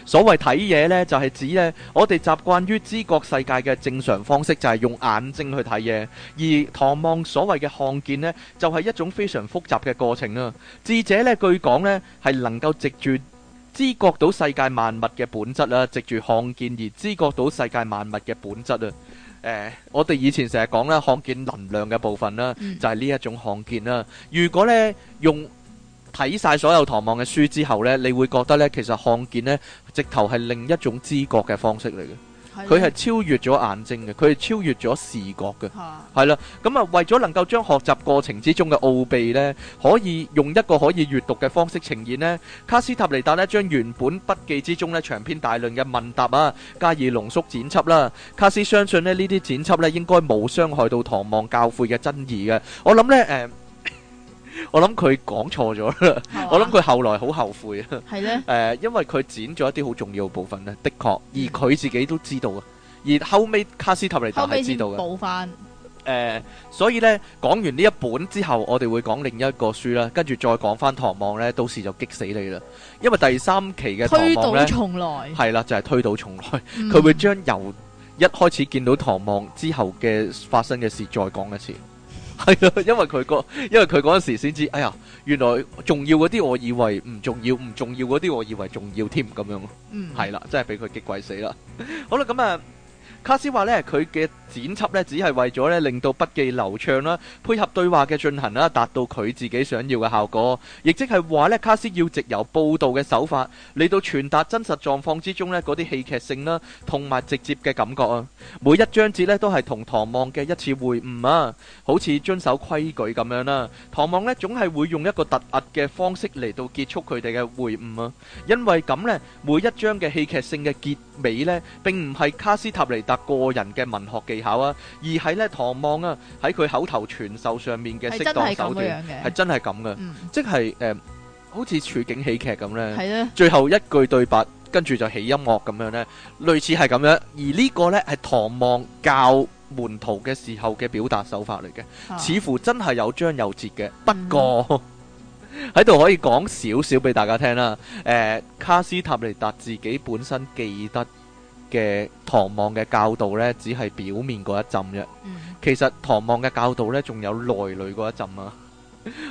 所謂睇嘢呢，就係指呢，我哋習慣於知覺世界嘅正常方式，就係用眼睛去睇嘢；而唐望所謂嘅「看見」呢，就係一種非常複雜嘅過程啊！智者呢，據講呢，係能夠藉住知覺到世界萬物嘅本質啊，藉住看見而知覺到世界萬物嘅本質啊！誒、呃，我哋以前成日講啦，看見能量嘅部分啦，就係、是、呢一種看見啦。如果呢用睇晒所有唐望嘅書之後呢，你會覺得呢，其實看見呢直頭係另一種知覺嘅方式嚟嘅。佢係超越咗眼睛嘅，佢係超越咗視覺嘅，係啦。咁啊，嗯、為咗能夠將學習過程之中嘅奧秘呢，可以用一個可以閲讀嘅方式呈現呢。卡斯塔尼達呢將原本筆記之中呢長篇大論嘅問答啊，加以濃縮剪輯啦。卡斯相信咧呢啲剪輯呢應該冇傷害到唐望教誨嘅真義嘅。我諗呢。誒、呃。我諗佢講錯咗啦，哦啊、我諗佢後來好後悔。係咧呢，誒、呃，因為佢剪咗一啲好重要嘅部分呢，的確，而佢自己都知道嘅，而後尾卡斯塔尼達係知道嘅。補翻。誒、呃，所以呢講完呢一本之後，我哋會講另一個書啦，跟住再講翻唐望呢，到時就激死你啦。因為第三期嘅唐望咧，係啦，就係推倒重來，佢、就是嗯、會將由一開始見到唐望之後嘅發生嘅事再講一次。係啊， 因為佢個，因為佢嗰陣時先知，哎呀，原來重要嗰啲，我以為唔重要，唔重要嗰啲，我以為重要添，咁樣咯，嗯，係啦，真係俾佢激鬼死啦，好啦，咁啊，卡斯話咧，佢嘅。剪輯咧，只係為咗咧令到筆記流暢啦，配合對話嘅進行啦，達到佢自己想要嘅效果。亦即係話咧，卡斯要藉由報導嘅手法嚟到傳達真實狀況之中咧嗰啲戲劇性啦，同埋直接嘅感覺啊。每一章節咧都係同唐望嘅一次會晤啊，好似遵守規矩咁樣啦。唐望咧總係會用一個突兀嘅方式嚟到結束佢哋嘅會晤啊，因為咁咧，每一章嘅戲劇性嘅結尾咧並唔係卡斯塔尼達個人嘅文學技考啊，而係咧唐望啊喺佢口頭傳授上面嘅適當手段，係真係咁嘅，係真係咁嘅，嗯、即係誒、呃，好似處境喜劇咁咧，係啦最後一句對白，跟住就起音樂咁樣咧，類似係咁樣，而呢個咧係唐望教門徒嘅時候嘅表達手法嚟嘅。啊、似乎真係有章有節嘅。不過喺度、嗯、 可以講少少俾大家聽啦，誒、呃，卡斯塔尼達自己本身記得。嘅唐望嘅教導呢，只係表面嗰一陣啫。嗯、其實唐望嘅教導呢，仲有內裏嗰一陣啊。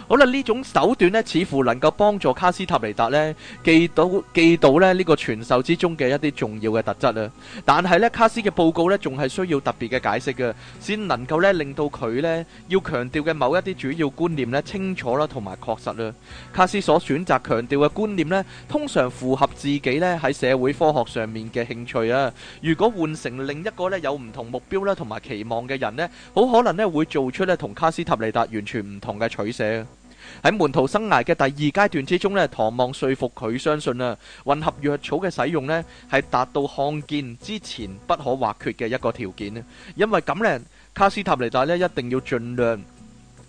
好啦，呢種手段呢，似乎能夠幫助卡斯塔尼達呢，記到記到呢呢個傳授之中嘅一啲重要嘅特質啊。但係呢，卡斯嘅報告呢，仲係需要特別嘅解釋嘅，先能夠呢，令到佢呢，要強調嘅某一啲主要觀念呢，清楚啦，同埋確實啦。卡斯所選擇強調嘅觀念呢，通常符合自己呢喺社會科學上面嘅興趣啊。如果換成另一個呢，有唔同目標啦同埋期望嘅人呢，好可能呢，會做出呢，同卡斯塔尼達完全唔同嘅取。喺門徒生涯嘅第二階段之中咧，唐望說服佢相信啦，混合藥草嘅使用咧係達到看見之前不可或缺嘅一個條件。因為咁咧，卡斯塔尼達咧一定要盡量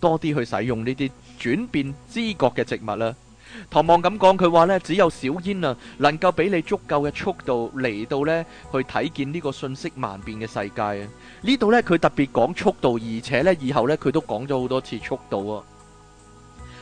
多啲去使用呢啲轉變知覺嘅植物啦。唐望咁講，佢話咧，只有小煙啊，能夠俾你足夠嘅速度嚟，到咧去睇見呢個信息萬變嘅世界啊。呢度咧佢特別講速度，而且咧以後咧佢都講咗好多次速度啊。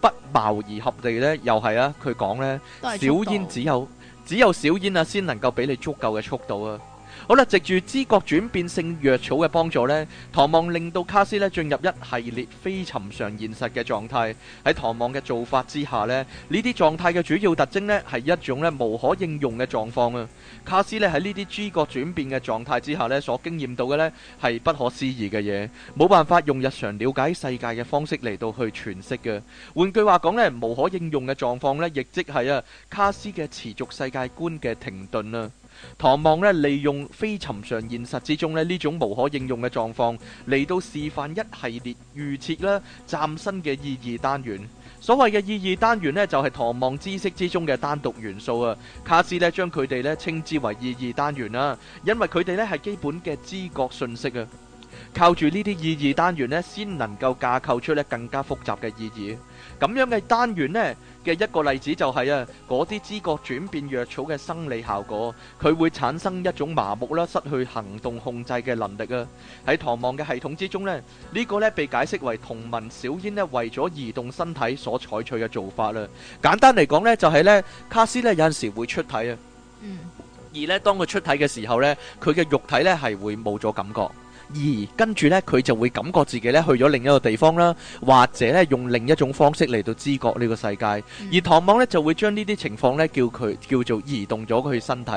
不謀而合地呢，又係啊！佢講呢，小煙只有只有小煙啊，先能夠畀你足夠嘅速度啊！好啦，藉住知覺轉變性藥草嘅幫助呢，唐望令到卡斯呢進入一系列非尋常現實嘅狀態。喺唐望嘅做法之下咧，呢啲狀態嘅主要特徵呢係一種呢無可應用嘅狀況啊。卡斯呢喺呢啲知覺轉變嘅狀態之下呢所經驗到嘅呢係不可思議嘅嘢，冇辦法用日常了解世界嘅方式嚟到去詮釋嘅。換句話講呢，無可應用嘅狀況呢，亦即係啊卡斯嘅持續世界觀嘅停頓啊。唐望咧利用非尋常現實之中咧呢種無可應用嘅狀況，嚟到示範一系列預設啦、嶄新嘅意義單元。所謂嘅意義單元呢，就係唐望知識之中嘅單獨元素啊。卡斯咧將佢哋咧稱之為意義單元啦，因為佢哋咧係基本嘅知覺信息啊。靠住呢啲意義單元咧，先能夠架構出咧更加複雜嘅意義。咁樣嘅單元咧嘅一個例子就係啊，嗰啲知覺轉變藥草嘅生理效果，佢會產生一種麻木啦，失去行動控制嘅能力啊。喺唐望嘅系統之中咧，呢個咧被解釋為同文小煙咧為咗移動身體所採取嘅做法啦。簡單嚟講咧，就係咧卡斯咧有陣時會出體啊。嗯。而咧當佢出體嘅時候咧，佢嘅肉體咧係會冇咗感覺。而跟住呢，佢就會感覺自己呢去咗另一個地方啦，或者呢用另一種方式嚟到知覺呢個世界。嗯、而唐望呢，就會將呢啲情況呢，叫佢叫做移動咗佢身體，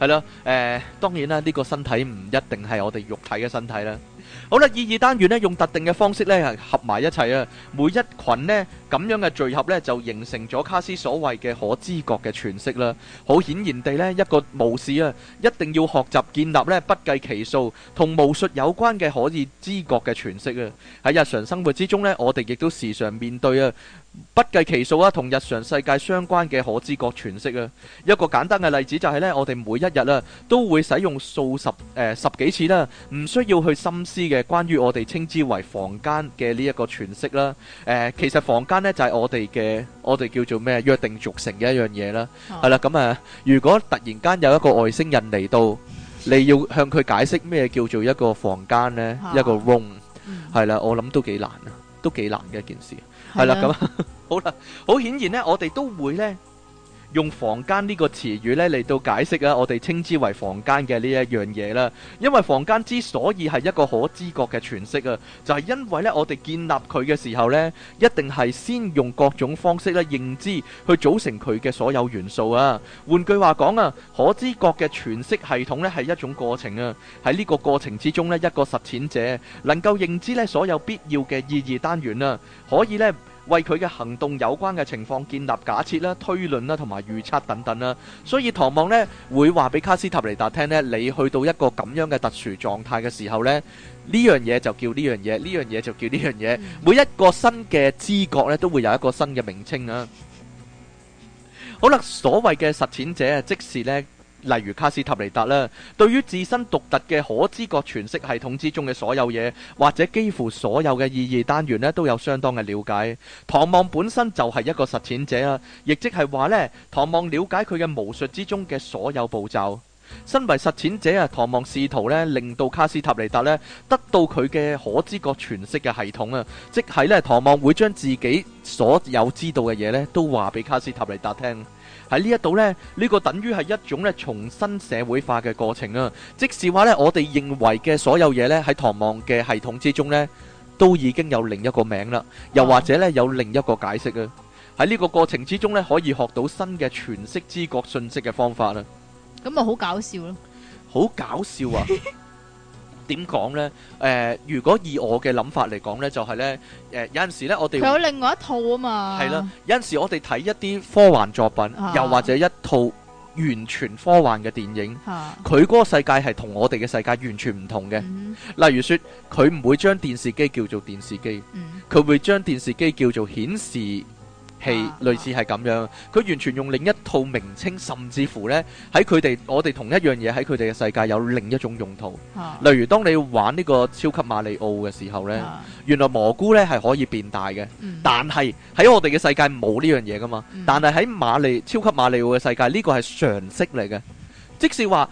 係咯誒。當然啦，呢、呢個身體唔一定係我哋肉體嘅身體啦。好啦，意義單元咧，用特定嘅方式咧，合埋一齊啊！每一群咧咁樣嘅聚合咧，就形成咗卡斯所謂嘅可知覺嘅詮釋啦。好顯然地咧，一個模式啊，一定要學習建立咧不計其數同巫術有關嘅可以知覺嘅詮釋啊！喺日常生活之中咧，我哋亦都時常面對啊！不計其數啊，同日常世界相關嘅可知覺詮釋啊，一個簡單嘅例子就係咧，我哋每一日啦都會使用數十，誒十幾次啦，唔需要去深思嘅關於我哋稱之為房間嘅呢一個詮釋啦。誒，其實房間咧就係我哋嘅，我哋叫做咩約定俗成嘅一樣嘢啦。係啦，咁啊，如果突然間有一個外星人嚟到，你要向佢解釋咩叫做一個房間咧，一個 room 係啦，我諗都幾難啊，都幾難嘅一件事。係啦，咁好啦，好顯然咧，我哋都會咧。用「房間」呢個詞語咧嚟到解釋啊，我哋稱之為房間嘅呢一樣嘢啦。因為房間之所以係一個可知覺嘅詮釋啊，就係因為咧我哋建立佢嘅時候咧，一定係先用各種方式咧認知去組成佢嘅所有元素啊。換句話講啊，可知覺嘅詮釋系統咧係一種過程啊。喺呢個過程之中咧，一個實踐者能夠認知咧所有必要嘅意義單元啊，可以咧。為佢嘅行動有關嘅情況建立假設啦、推論啦、同埋預測等等啦，所以唐望咧會話俾卡斯塔尼達聽咧，你去到一個咁樣嘅特殊狀態嘅時候咧，呢樣嘢，就叫呢樣嘢，呢樣嘢，就叫呢樣嘢，每一個新嘅知覺咧都會有一個新嘅名稱啊！好啦，所謂嘅實踐者，即是咧。例如卡斯塔尼達啦，對於自身獨特嘅可知覺詮釋系統之中嘅所有嘢，或者幾乎所有嘅意義單元咧，都有相當嘅了解。唐望本身就係一個實踐者啊，亦即係話呢，唐望了解佢嘅巫術之中嘅所有步驟。身為實踐者啊，唐望試圖咧令到卡斯塔尼達咧得到佢嘅可知覺詮釋嘅系統啊，即係呢，唐望會將自己所有知道嘅嘢咧都話俾卡斯塔尼達聽。喺呢一度呢，呢、這個等於係一種咧重新社會化嘅過程啊！即使話呢，我哋認為嘅所有嘢呢，喺唐望嘅系統之中呢，都已經有另一個名啦，又或者呢，有另一個解釋啊！喺呢個過程之中呢，可以學到新嘅全息知覺信息嘅方法啦。咁啊、嗯，好搞笑咯！好搞笑啊！ 點講呢？誒、呃，如果以我嘅諗法嚟講呢就係呢。誒、就是呃、有陣時呢，我哋佢有另外一套啊嘛。係啦，有陣時我哋睇一啲科幻作品，啊、又或者一套完全科幻嘅電影，佢嗰、啊、個世界係同我哋嘅世界完全唔同嘅。嗯、例如說，佢唔會將電視機叫做電視機，佢、嗯、會將電視機叫做顯示。係類似係咁樣，佢完全用另一套名稱，甚至乎呢喺佢哋我哋同一樣嘢喺佢哋嘅世界有另一種用途。啊、例如當你玩呢個超級馬里奧嘅時候呢，啊、原來蘑菇呢係可以變大嘅，嗯、哼但係喺我哋嘅世界冇呢樣嘢噶嘛，嗯、但係喺馬里超級馬里奧嘅世界呢、這個係常識嚟嘅，即使話。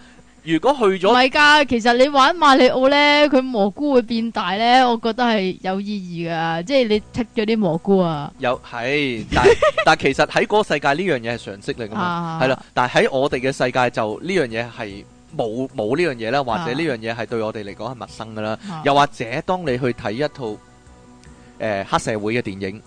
如果去咗，唔係㗎，其實你玩《馬里奧》呢，佢蘑菇會變大呢，我覺得係有意義㗎，即係你剔咗啲蘑菇啊。有係，但但其實喺嗰個世界呢樣嘢係常識嚟㗎嘛，係啦。但係喺我哋嘅世界就呢樣嘢係冇冇呢樣嘢啦，或者呢樣嘢係對我哋嚟講係陌生㗎啦。又或者當你去睇一套誒黑社會嘅電影，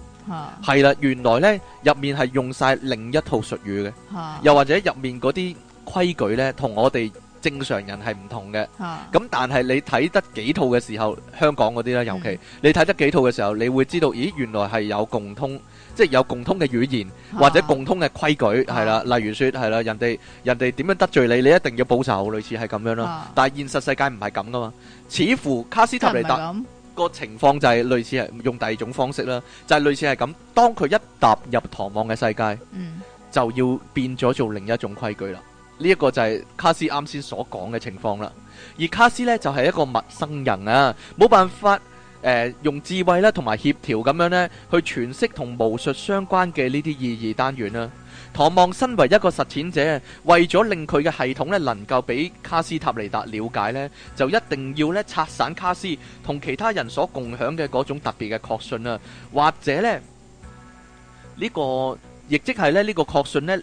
係啦，原來呢入面係用晒另一套術語嘅，又或者入面嗰啲規矩呢同我哋。正常人係唔同嘅，咁但係你睇得幾套嘅時候，香港嗰啲咧，尤其你睇得幾套嘅時候，你會知道，咦，原來係有共通，即係有共通嘅語言或者共通嘅規矩，係啦，例如説係啦，人哋人哋點樣得罪你，你一定要報仇，類似係咁樣啦。但係現實世界唔係咁噶嘛，似乎卡斯塔尼達個情況就係類似係用第二種方式啦，就係類似係咁。當佢一踏入唐望嘅世界，就要變咗做另一種規矩啦。呢一個就係卡斯啱先所講嘅情況啦，而卡斯呢，就係、是、一個陌生人啊，冇辦法誒、呃、用智慧呢同埋協調咁樣呢去詮釋同巫術相關嘅呢啲意義單元啦、啊。唐望身為一個實踐者，為咗令佢嘅系統呢能夠俾卡斯塔尼達了解呢，就一定要呢拆散卡斯同其他人所共享嘅嗰種特別嘅確信啊。或者呢，呢、這個亦即係呢呢、這個確信呢。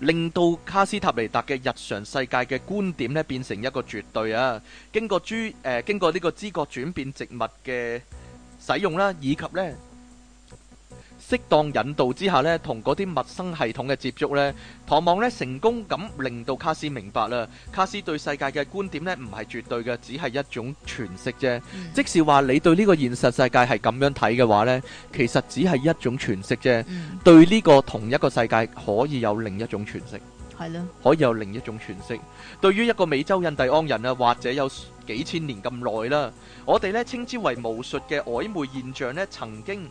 令到卡斯塔尼達嘅日常世界嘅觀點咧變成一個絕對啊！經過諸誒、呃、經過呢個知覺轉變，植物嘅使用啦，以及咧。適當引導之下咧，同嗰啲陌生系統嘅接觸咧，唐望咧成功咁令到卡斯明白啦。卡斯對世界嘅觀點咧，唔係絕對嘅，只係一種詮釋啫。即使話你對呢個現實世界係咁樣睇嘅話咧，其實只係一種詮釋啫。對呢個同一個世界可以有另一種詮釋，係咯，可以有另一種詮釋。對於一個美洲印第安人啊，或者有幾千年咁耐啦，我哋咧稱之為巫術嘅曖昧現象咧，曾經，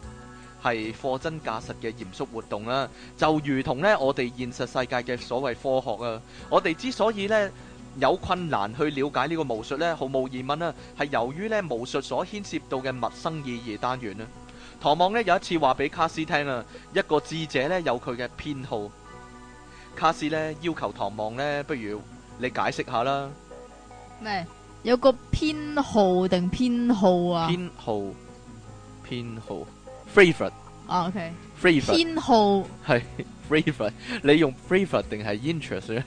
係貨真價實嘅嚴肅活動啦、啊，就如同呢我哋現實世界嘅所謂科學啊。我哋之所以呢有困難去了解呢個巫術呢，毫無疑問啊，係由於呢巫術所牽涉到嘅陌生意義單元啊。唐望呢有一次話俾卡斯聽啊，一個智者呢有佢嘅偏好。卡斯呢要求唐望呢，不如你解釋下啦。咩？有個偏好定偏好啊？偏好，偏好。prefer 啊 OK，偏好係 prefer，你用 prefer 定係 interest 啊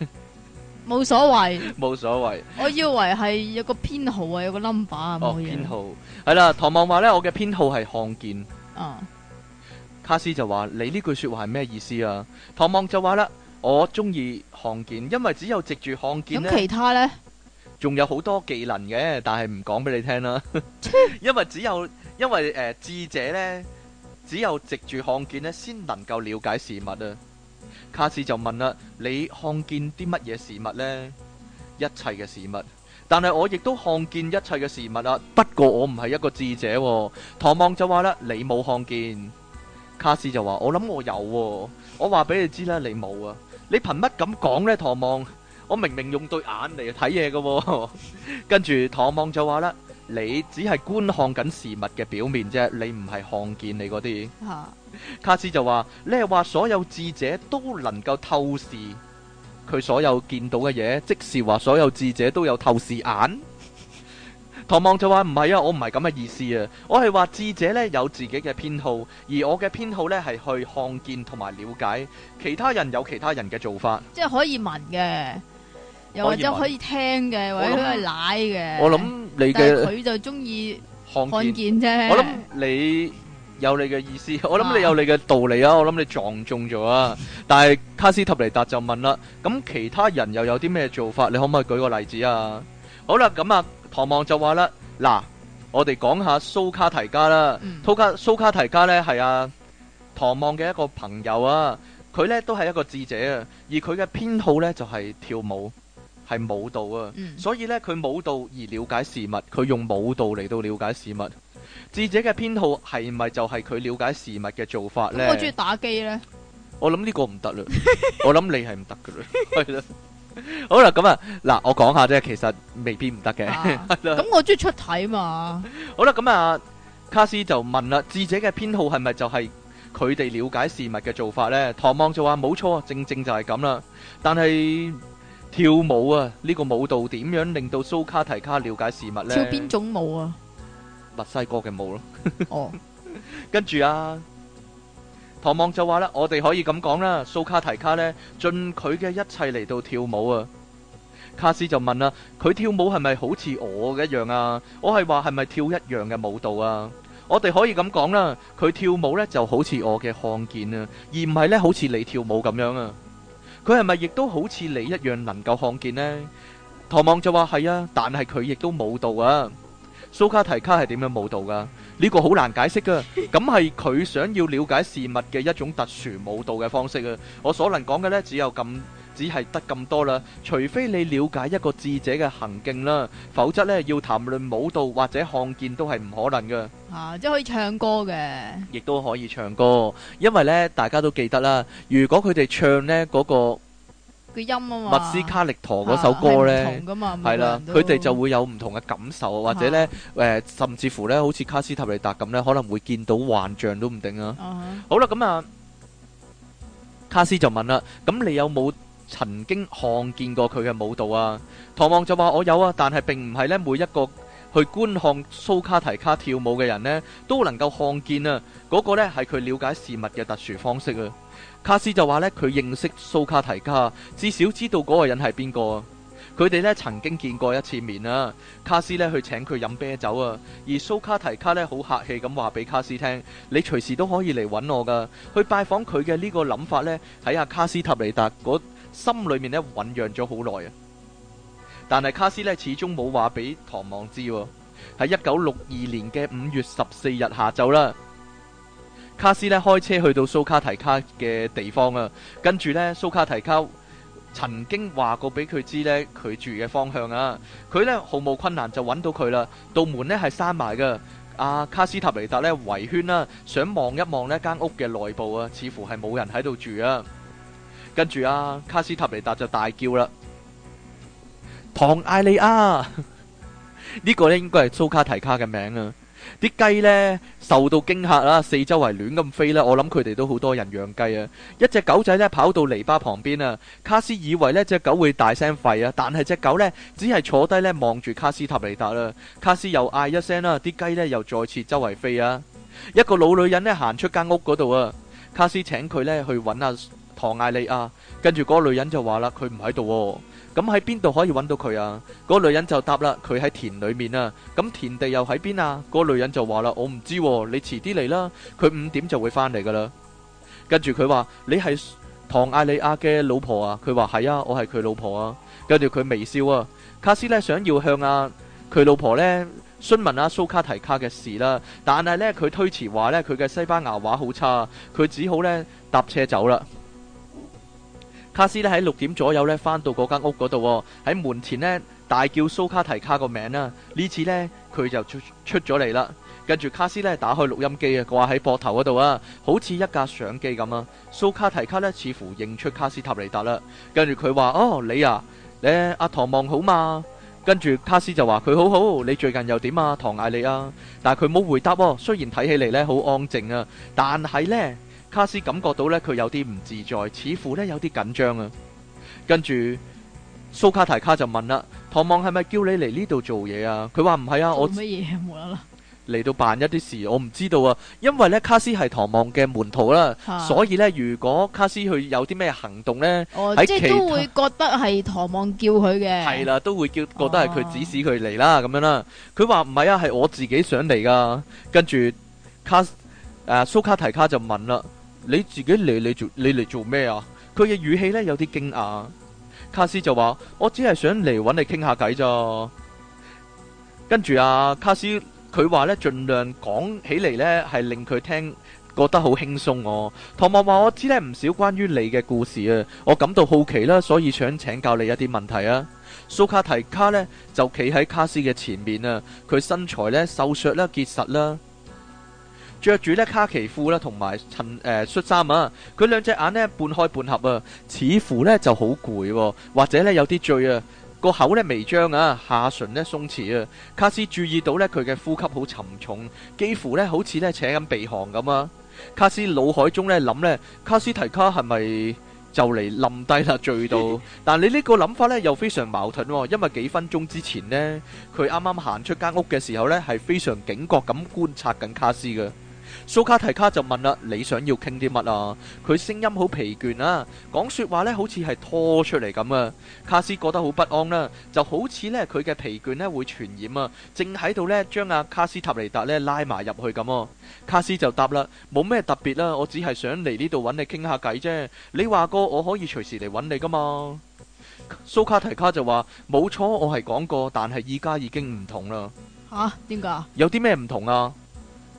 ？冇 所謂謂，冇所謂。我以為係有個編號啊，有個 number 啊咁嘅嘢。編號係啦，唐望話咧，我嘅編號係看見。啊，卡斯就話：你呢句說話係咩意思啊？唐望就話啦：我中意看見，因為只有藉住看見咁其他咧仲有好多技能嘅，但係唔講俾你聽啦。 因為只有，因為誒、呃、智者咧。只有藉住看見咧，先能夠了解事物啊！卡斯就問啦：你看見啲乜嘢事物呢？一切嘅事物，但係我亦都看見一切嘅事物啊！不過我唔係一個智者哦。唐望就話啦：你冇看見。卡斯就話：我諗我有喎啊。我話俾你知啦，你冇啊！你憑乜咁講呢？唐望，我明明用對眼嚟睇嘢㗎喎。 跟住唐望就話啦。你只係觀看緊事物嘅表面啫，你唔係看見你嗰啲。啊、卡斯就話：你係話所有智者都能夠透視佢所有見到嘅嘢，即是話所有智者都有透視眼。 唐望就話：唔係啊，我唔係咁嘅意思啊，我係話智者呢有自己嘅偏好，而我嘅偏好呢係去看見同埋了解，其他人有其他人嘅做法，即係可以聞嘅。又或者可以聽嘅，或者可以奶嘅。我諗你嘅佢就中意看見啫。見我諗你有你嘅意思，啊、 我諗你有你嘅道理啊。我諗你撞中咗啊。但係卡斯塔尼達就問啦，咁其他人又有啲咩做法？你可唔可以舉個例子啊？好啦，咁、嗯、啊，唐望就話啦嗱，我哋講下蘇卡提加啦。蘇卡蘇卡提加咧係啊，唐望嘅一個朋友啊，佢咧都係一個智者啊，而佢嘅偏好咧就係、是、跳舞。係舞蹈啊，所以咧佢舞蹈而了解事物，佢用舞蹈嚟到了解事物。智者嘅偏好係咪就係佢了解事物嘅做法咧？咁我中意打機咧，我諗呢個唔得啦，我諗你係唔得噶啦，係啦。好啦，咁啊嗱，我講下啫，其實未必唔得嘅。咁我中意出體嘛。好啦，咁啊，卡斯就問啦，智者嘅偏好係咪就係佢哋了解事物嘅做法咧？唐望就話冇錯，正正就係咁啦。但係。跳舞啊！呢個舞蹈點樣令到蘇卡提卡了解事物呢？跳邊種舞啊？墨西哥嘅舞咯。哦。跟住啊，唐望就話啦：，我哋可以咁講啦，蘇卡提卡呢，盡佢嘅一切嚟到跳舞啊。卡斯就問啦：，佢跳舞係咪好似我嘅一樣啊？我係話係咪跳一樣嘅舞蹈啊？我哋可以咁講啦，佢跳舞呢就好似我嘅看見啊，而唔係呢好似你跳舞咁樣啊。佢係咪亦都好似你一樣能夠看見呢？唐望就話係啊，但係佢亦都舞蹈啊。蘇卡提卡係點樣舞蹈噶？呢個好難解釋噶，咁係佢想要了解事物嘅一種特殊舞蹈嘅方式啊。我所能講嘅呢，只有咁。只係得咁多啦，除非你了解一個智者嘅行徑啦，否則咧，要談論舞蹈或者看見都係唔可能嘅。啊，即係可以唱歌嘅，亦都可以唱歌，因為咧大家都記得啦。如果佢哋唱咧嗰個嘅音啊嘛，密斯卡力陀嗰首歌咧，係啦，佢哋就會有唔同嘅感受，或者咧誒，甚至乎咧，好似卡斯塔利達咁咧，可能會見到幻象都唔定啊。好啦，咁啊，卡斯就問啦，咁你有冇？曾經看見過佢嘅舞蹈啊，唐望就話我有啊，但係並唔係呢。每一個去觀看蘇卡提卡跳舞嘅人呢，都能夠看見啊。嗰個呢係佢了解事物嘅特殊方式啊。卡斯就話呢，佢認識蘇卡提卡，至少知道嗰個人係邊個。佢哋呢曾經見過一次面啊。卡斯呢去請佢飲啤酒啊，而蘇卡提卡呢好客氣咁話俾卡斯聽，你隨時都可以嚟揾我噶，去拜訪佢嘅呢個諗法呢，喺阿卡斯塔尼達心裏面咧醞釀咗好耐啊，但係卡斯咧始終冇話俾唐望知喎。喺一九六二年嘅五月十四日下晝啦，卡斯咧開車去到蘇卡提卡嘅地方啊，跟住呢，蘇卡提卡曾經話過俾佢知呢，佢住嘅方向啊，佢呢，毫無困難就揾到佢啦。道門呢係閂埋噶，阿、啊、卡斯塔尼達呢圍圈啦、啊，想望一望呢間屋嘅內部啊，似乎係冇人喺度住啊。跟住啊，卡斯塔尼達就大叫啦，唐艾利啊！呢 個咧，應該係蘇卡提卡嘅名啊。啲雞呢，受到驚嚇啦，四周圍亂咁飛啦。我諗佢哋都好多人養雞啊。一隻狗仔呢，跑到籬笆旁邊啊，卡斯以為呢隻狗會大聲吠啊，但係隻狗呢，只係坐低呢望住卡斯塔尼達啦。卡斯又嗌一聲啦、啊，啲雞呢，又再次周圍飛啊。一個老女人呢，行出間屋嗰度啊，卡斯請佢呢，去揾下。唐艾利亞跟住嗰個女人就話啦：佢唔喺度，咁喺邊度可以揾到佢啊？嗰、那個女人就答啦：佢喺田裏面啊。咁田地又喺邊啊？嗰、那個女人就話啦：我唔知、哦，你遲啲嚟啦。佢五點就會翻嚟噶啦。跟住佢話，你係唐艾利亞嘅老婆啊？佢話係啊，我係佢老婆啊。跟住佢微笑啊。卡斯呢想要向阿、啊、佢老婆呢詢問阿、啊、蘇卡提卡嘅事啦，但係呢，佢推遲話呢，佢嘅西班牙話好差，佢只好呢搭車走啦。卡斯咧喺六點左右咧翻到嗰間屋嗰度喎，喺門前呢，大叫蘇卡提卡個名啊。呢次呢，佢就出出咗嚟啦，跟住卡斯咧打開錄音機啊，掛喺膊頭嗰度啊，好似一架相機咁啊。蘇卡提卡咧似乎認出卡斯塔尼達啦，跟住佢話：哦，你啊，你阿、啊、唐望好嘛？跟住卡斯就話佢好好，你最近又點啊？唐艾莉啊，但係佢冇回答，雖然睇起嚟咧好安靜啊，但係呢。.卡斯感覺到咧佢有啲唔自在，似乎咧有啲緊張啊。跟住蘇卡提卡就問啦：唐望係咪叫你嚟呢度做嘢啊？佢話唔係啊，做我乜嘢冇啦。嚟 到辦一啲事，我唔知道啊。因為咧卡斯係唐望嘅門徒啦、啊，啊、所以咧如果卡斯去有啲咩行動咧，喺、啊哦、即係都會覺得係唐望叫佢嘅。係啦 都會叫覺得係佢指使佢嚟啦，咁樣啦。佢話唔係啊，係、啊啊啊、我自己想嚟噶。跟住卡誒蘇、啊、卡提卡就問啦。你自己嚟，你做你嚟做咩啊？佢嘅語氣呢有啲驚訝。卡斯就話：我只係想嚟揾你傾下偈咋。跟住啊，卡斯佢話呢盡量講起嚟呢係令佢聽覺得好輕鬆哦。唐望話：我知呢唔少關於你嘅故事啊，我感到好奇啦，所以想請教你一啲問題啊。蘇卡提卡呢就企喺卡斯嘅前面啊，佢身材呢瘦削啦，結實啦。着住咧卡其褲啦，同埋襯誒恤衫啊。佢兩隻眼咧半開半合啊，似乎咧就好攰，或者咧有啲醉啊。個口咧微張啊，下唇咧鬆弛啊。卡斯注意到咧佢嘅呼吸好沉重，幾乎咧好似咧扯緊鼻鼾咁啊。卡斯腦海中咧諗咧，卡斯提卡係咪就嚟冧低啦醉到？ 但你呢個諗法咧又非常矛盾，因為幾分鐘之前呢，佢啱啱行出間屋嘅時候咧係非常警覺咁觀察緊卡斯嘅。蘇卡提卡就問啦：你想要傾啲乜啊？佢聲音好疲倦啦、啊，講說話呢好似係拖出嚟咁啊！卡斯覺得好不安啦、啊，就好似呢，佢嘅疲倦呢會傳染啊！正喺度呢，將阿卡斯塔尼達呢拉埋入去咁、啊。卡斯就答啦：冇咩特別啦、啊，我只係想嚟呢度揾你傾下偈啫。你話過我可以隨時嚟揾你噶嘛？蘇卡提卡就話：冇錯，我係講過，但係依家已經唔同啦。吓、啊？邊個、啊？有啲咩唔同啊？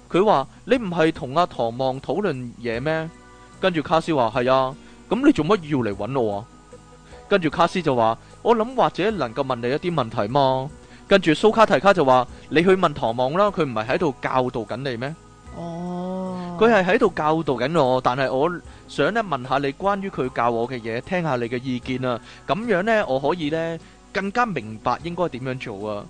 佢話：你唔係同阿唐望討論嘢咩？跟住卡斯話：係啊，咁你做乜要嚟揾我啊？跟住卡斯就話：我諗或者能夠問你一啲問題嘛？跟住蘇卡提卡就話：你去問唐望啦，佢唔係喺度教導緊你咩？哦，佢係喺度教導緊我，但係我想咧問下你關於佢教我嘅嘢，聽下你嘅意見啊，咁樣呢，我可以呢更加明白應該點樣做啊。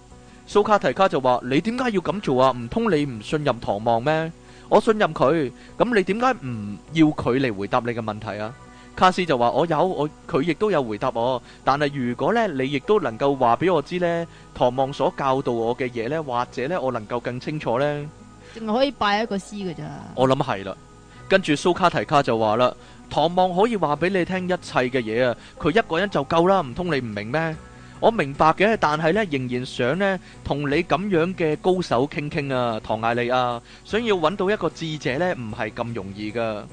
蘇卡提卡就話：你點解要咁做啊？唔通你唔信任唐望咩？我信任佢，咁你點解唔要佢嚟回答你嘅問題啊？卡斯就話：我有我，佢亦都有回答我。但係如果呢，你亦都能夠話俾我知呢，唐望所教導我嘅嘢呢，或者呢，我能夠更清楚呢，淨係可以拜一個師噶咋？我諗係啦。跟住蘇卡提卡就話啦：唐望可以話俾你聽一切嘅嘢啊，佢一個人就夠啦。唔通你唔明咩？我明白嘅，但係咧仍然想呢，同你咁樣嘅高手傾傾啊，唐艾莉啊，想要揾到一個智者呢，唔係咁容易噶。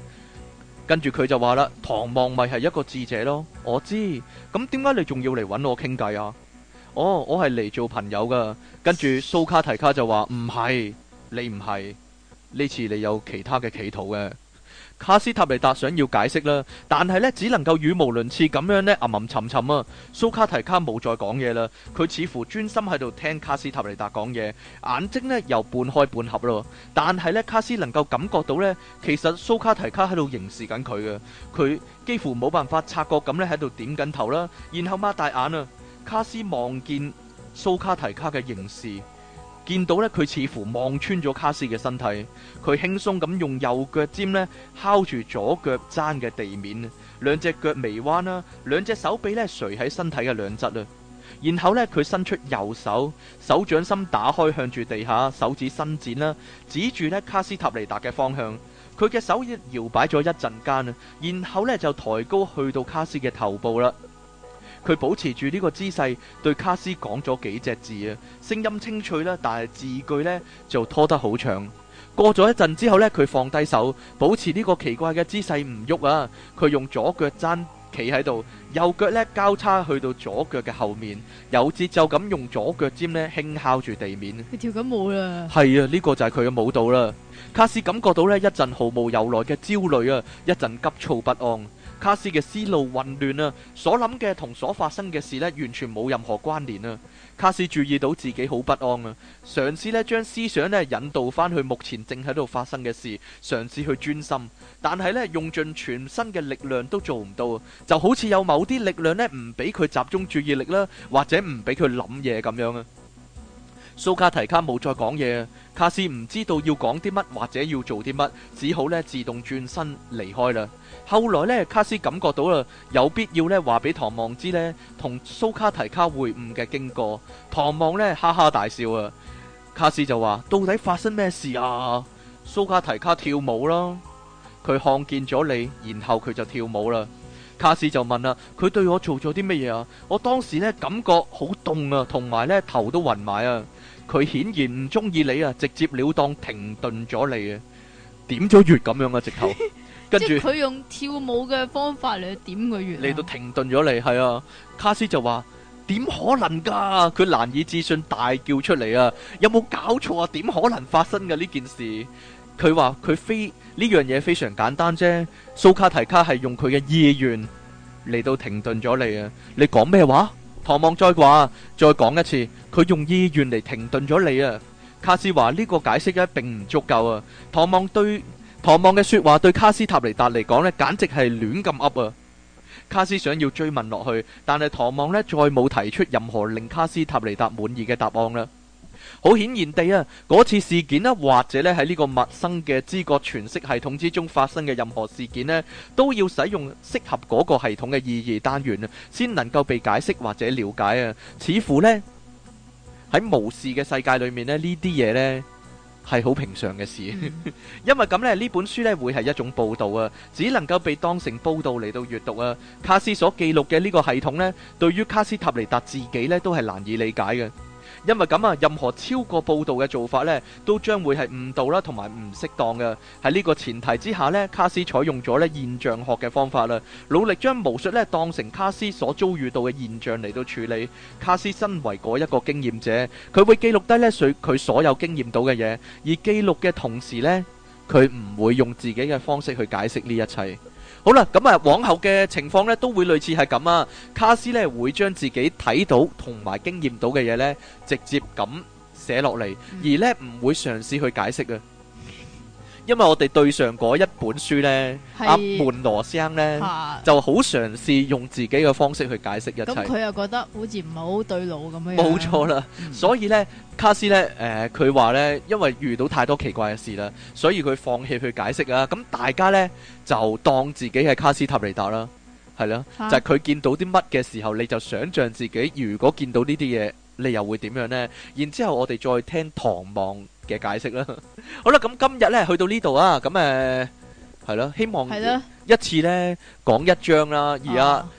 跟住佢就話啦，唐望咪係一個智者咯。我知。咁點解你仲要嚟揾我傾偈啊？哦，我係嚟做朋友噶。跟住蘇卡提卡就話唔係，你唔係。呢次你有其他嘅企圖嘅。卡斯塔尼達想要解釋啦，但係咧只能夠語無倫次咁樣咧，吟吟沉沉啊。蘇卡提卡冇再講嘢啦，佢似乎專心喺度聽卡斯塔尼達講嘢，眼睛咧又半開半合咯。但係咧卡斯能夠感覺到咧，其實蘇卡提卡喺度凝視緊佢嘅，佢幾乎冇辦法察覺咁咧喺度點緊頭啦，然後擘大眼啊，卡斯望見蘇卡提卡嘅凝視。見到咧，佢似乎望穿咗卡斯嘅身體，佢輕鬆咁用右腳尖咧敲住左腳踭嘅地面，兩隻腳微彎啦，兩隻手臂咧垂喺身體嘅兩側啊，然後咧佢伸出右手，手掌心打開向住地下，手指伸展啦，指住咧卡斯塔尼達嘅方向，佢嘅手一搖擺咗一陣間啊，然後咧就抬高去到卡斯嘅頭部啦。佢保持住呢個姿勢，對卡斯講咗幾隻字啊，聲音清脆啦，但係字句咧就拖得好長。過咗一陣之後咧，佢放低手，保持呢個奇怪嘅姿勢唔喐啊。佢用左腳踭企喺度，右腳咧交叉去到左腳嘅後面，有節奏咁用左腳尖咧輕敲住地面。佢跳緊舞啦。係啊，呢個就係佢嘅舞蹈啦。卡斯感覺到呢一陣毫無由來嘅焦慮啊，一陣急躁不安。卡斯嘅思路混亂啊，所諗嘅同所發生嘅事呢，完全冇任何關聯啊。卡斯注意到自己好不安啊，嘗試呢將思想呢引導翻去目前正喺度發生嘅事，嘗試去專心，但係呢，用盡全身嘅力量都做唔到，啊，就好似有某啲力量呢唔俾佢集中注意力啦，或者唔俾佢諗嘢咁樣啊。蘇卡提卡冇再講嘢，卡斯唔知道要講啲乜或者要做啲乜，只好呢自動轉身離開啦。後來呢，卡斯感覺到啦，有必要呢話俾唐望知呢同蘇卡提卡會晤嘅經過。唐望呢，哈哈大笑啊，卡斯就話到底發生咩事啊？蘇卡提卡跳舞啦，佢看見咗你，然後佢就跳舞啦。卡斯就問啦，佢對我做咗啲乜嘢啊？我當時呢感覺好凍啊，同埋呢頭都暈埋啊。佢顯然唔中意你啊，直接了當停頓咗你啊，點咗穴咁樣嘅直頭，跟住佢用跳舞嘅方法嚟點個穴嚟到停頓咗你，係啊。卡斯就話點可能噶？佢難以置信大叫出嚟啊，有冇搞錯啊？點可能發生嘅呢件事？佢話佢非呢樣嘢非常簡單啫，蘇卡提卡係用佢嘅意願嚟到停頓咗你啊。你講咩話？唐望再話，再講一次，佢用意願嚟停頓咗你啊！卡斯話呢個解釋呢，並唔足夠啊！唐望對唐望嘅說話對卡斯塔尼達嚟講呢，簡直係亂咁噏啊！卡斯想要追問落去，但係唐望呢，再冇提出任何令卡斯塔尼達滿意嘅答案啦。好顯然地啊，嗰次事件啦，或者呢喺呢個陌生嘅知覺詮釋系統之中發生嘅任何事件呢，都要使用適合嗰個系統嘅意義單元啊，先能夠被解釋或者了解啊。似乎呢，喺巫士嘅世界裏面呢，呢啲嘢呢係好平常嘅事， 因為咁呢，呢本書呢會係一種報道啊，只能夠被當成報道嚟到閱讀啊。卡斯所記錄嘅呢個系統呢，對於卡斯塔尼達自己呢，都係難以理解嘅。因為咁啊，任何超過報道嘅做法呢，都將會係誤導啦，同埋唔適當嘅。喺呢個前提之下呢，卡斯採用咗呢現象學嘅方法啦，努力將巫術呢當成卡斯所遭遇到嘅現象嚟到處理。卡斯身為嗰一個經驗者，佢會記錄低呢佢所有經驗到嘅嘢，而記錄嘅同時呢，佢唔會用自己嘅方式去解釋呢一切。好啦，咁啊，往後嘅情況咧，都會類似係咁啊。卡斯咧會將自己睇到同埋經驗到嘅嘢咧，直接咁寫落嚟，而咧唔會嘗試去解釋嘅。因為我哋對上嗰一本書呢，阿門羅聲呢，啊、就好嘗試用自己嘅方式去解釋一切。佢又覺得好似唔係好對路咁樣。冇錯啦，嗯、所以呢，卡斯呢，誒、呃，佢話呢，因為遇到太多奇怪嘅事啦，所以佢放棄去解釋啊。咁大家呢，就當自己係卡斯塔尼達啦，係啦，啊、就係佢見到啲乜嘅時候，你就想象自己如果見到呢啲嘢，你又會點樣呢？然之後我哋再聽唐望。嘅解釋啦，好啦，咁今日咧去到呢度啊，咁誒係咯，希望一次咧講一章啦。而阿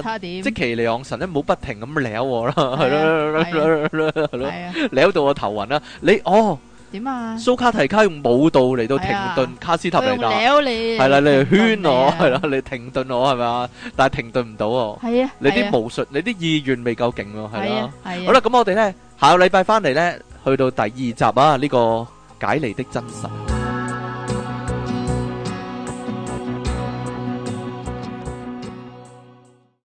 阿即其利昂神咧冇不停咁撩我啦，係咯係咯係咯，撩到我頭暈啦。你哦點啊？蘇卡提卡用舞蹈嚟到停頓卡斯塔尼達，撩你係啦，你嚟圈我係啦，你停頓我係咪啊？但係停頓唔到我。係啊，你啲巫術，你啲意願未夠勁喎，係咯。係啊。好啦，咁我哋咧下個禮拜翻嚟咧。去到第二集啊！呢個解離的真實。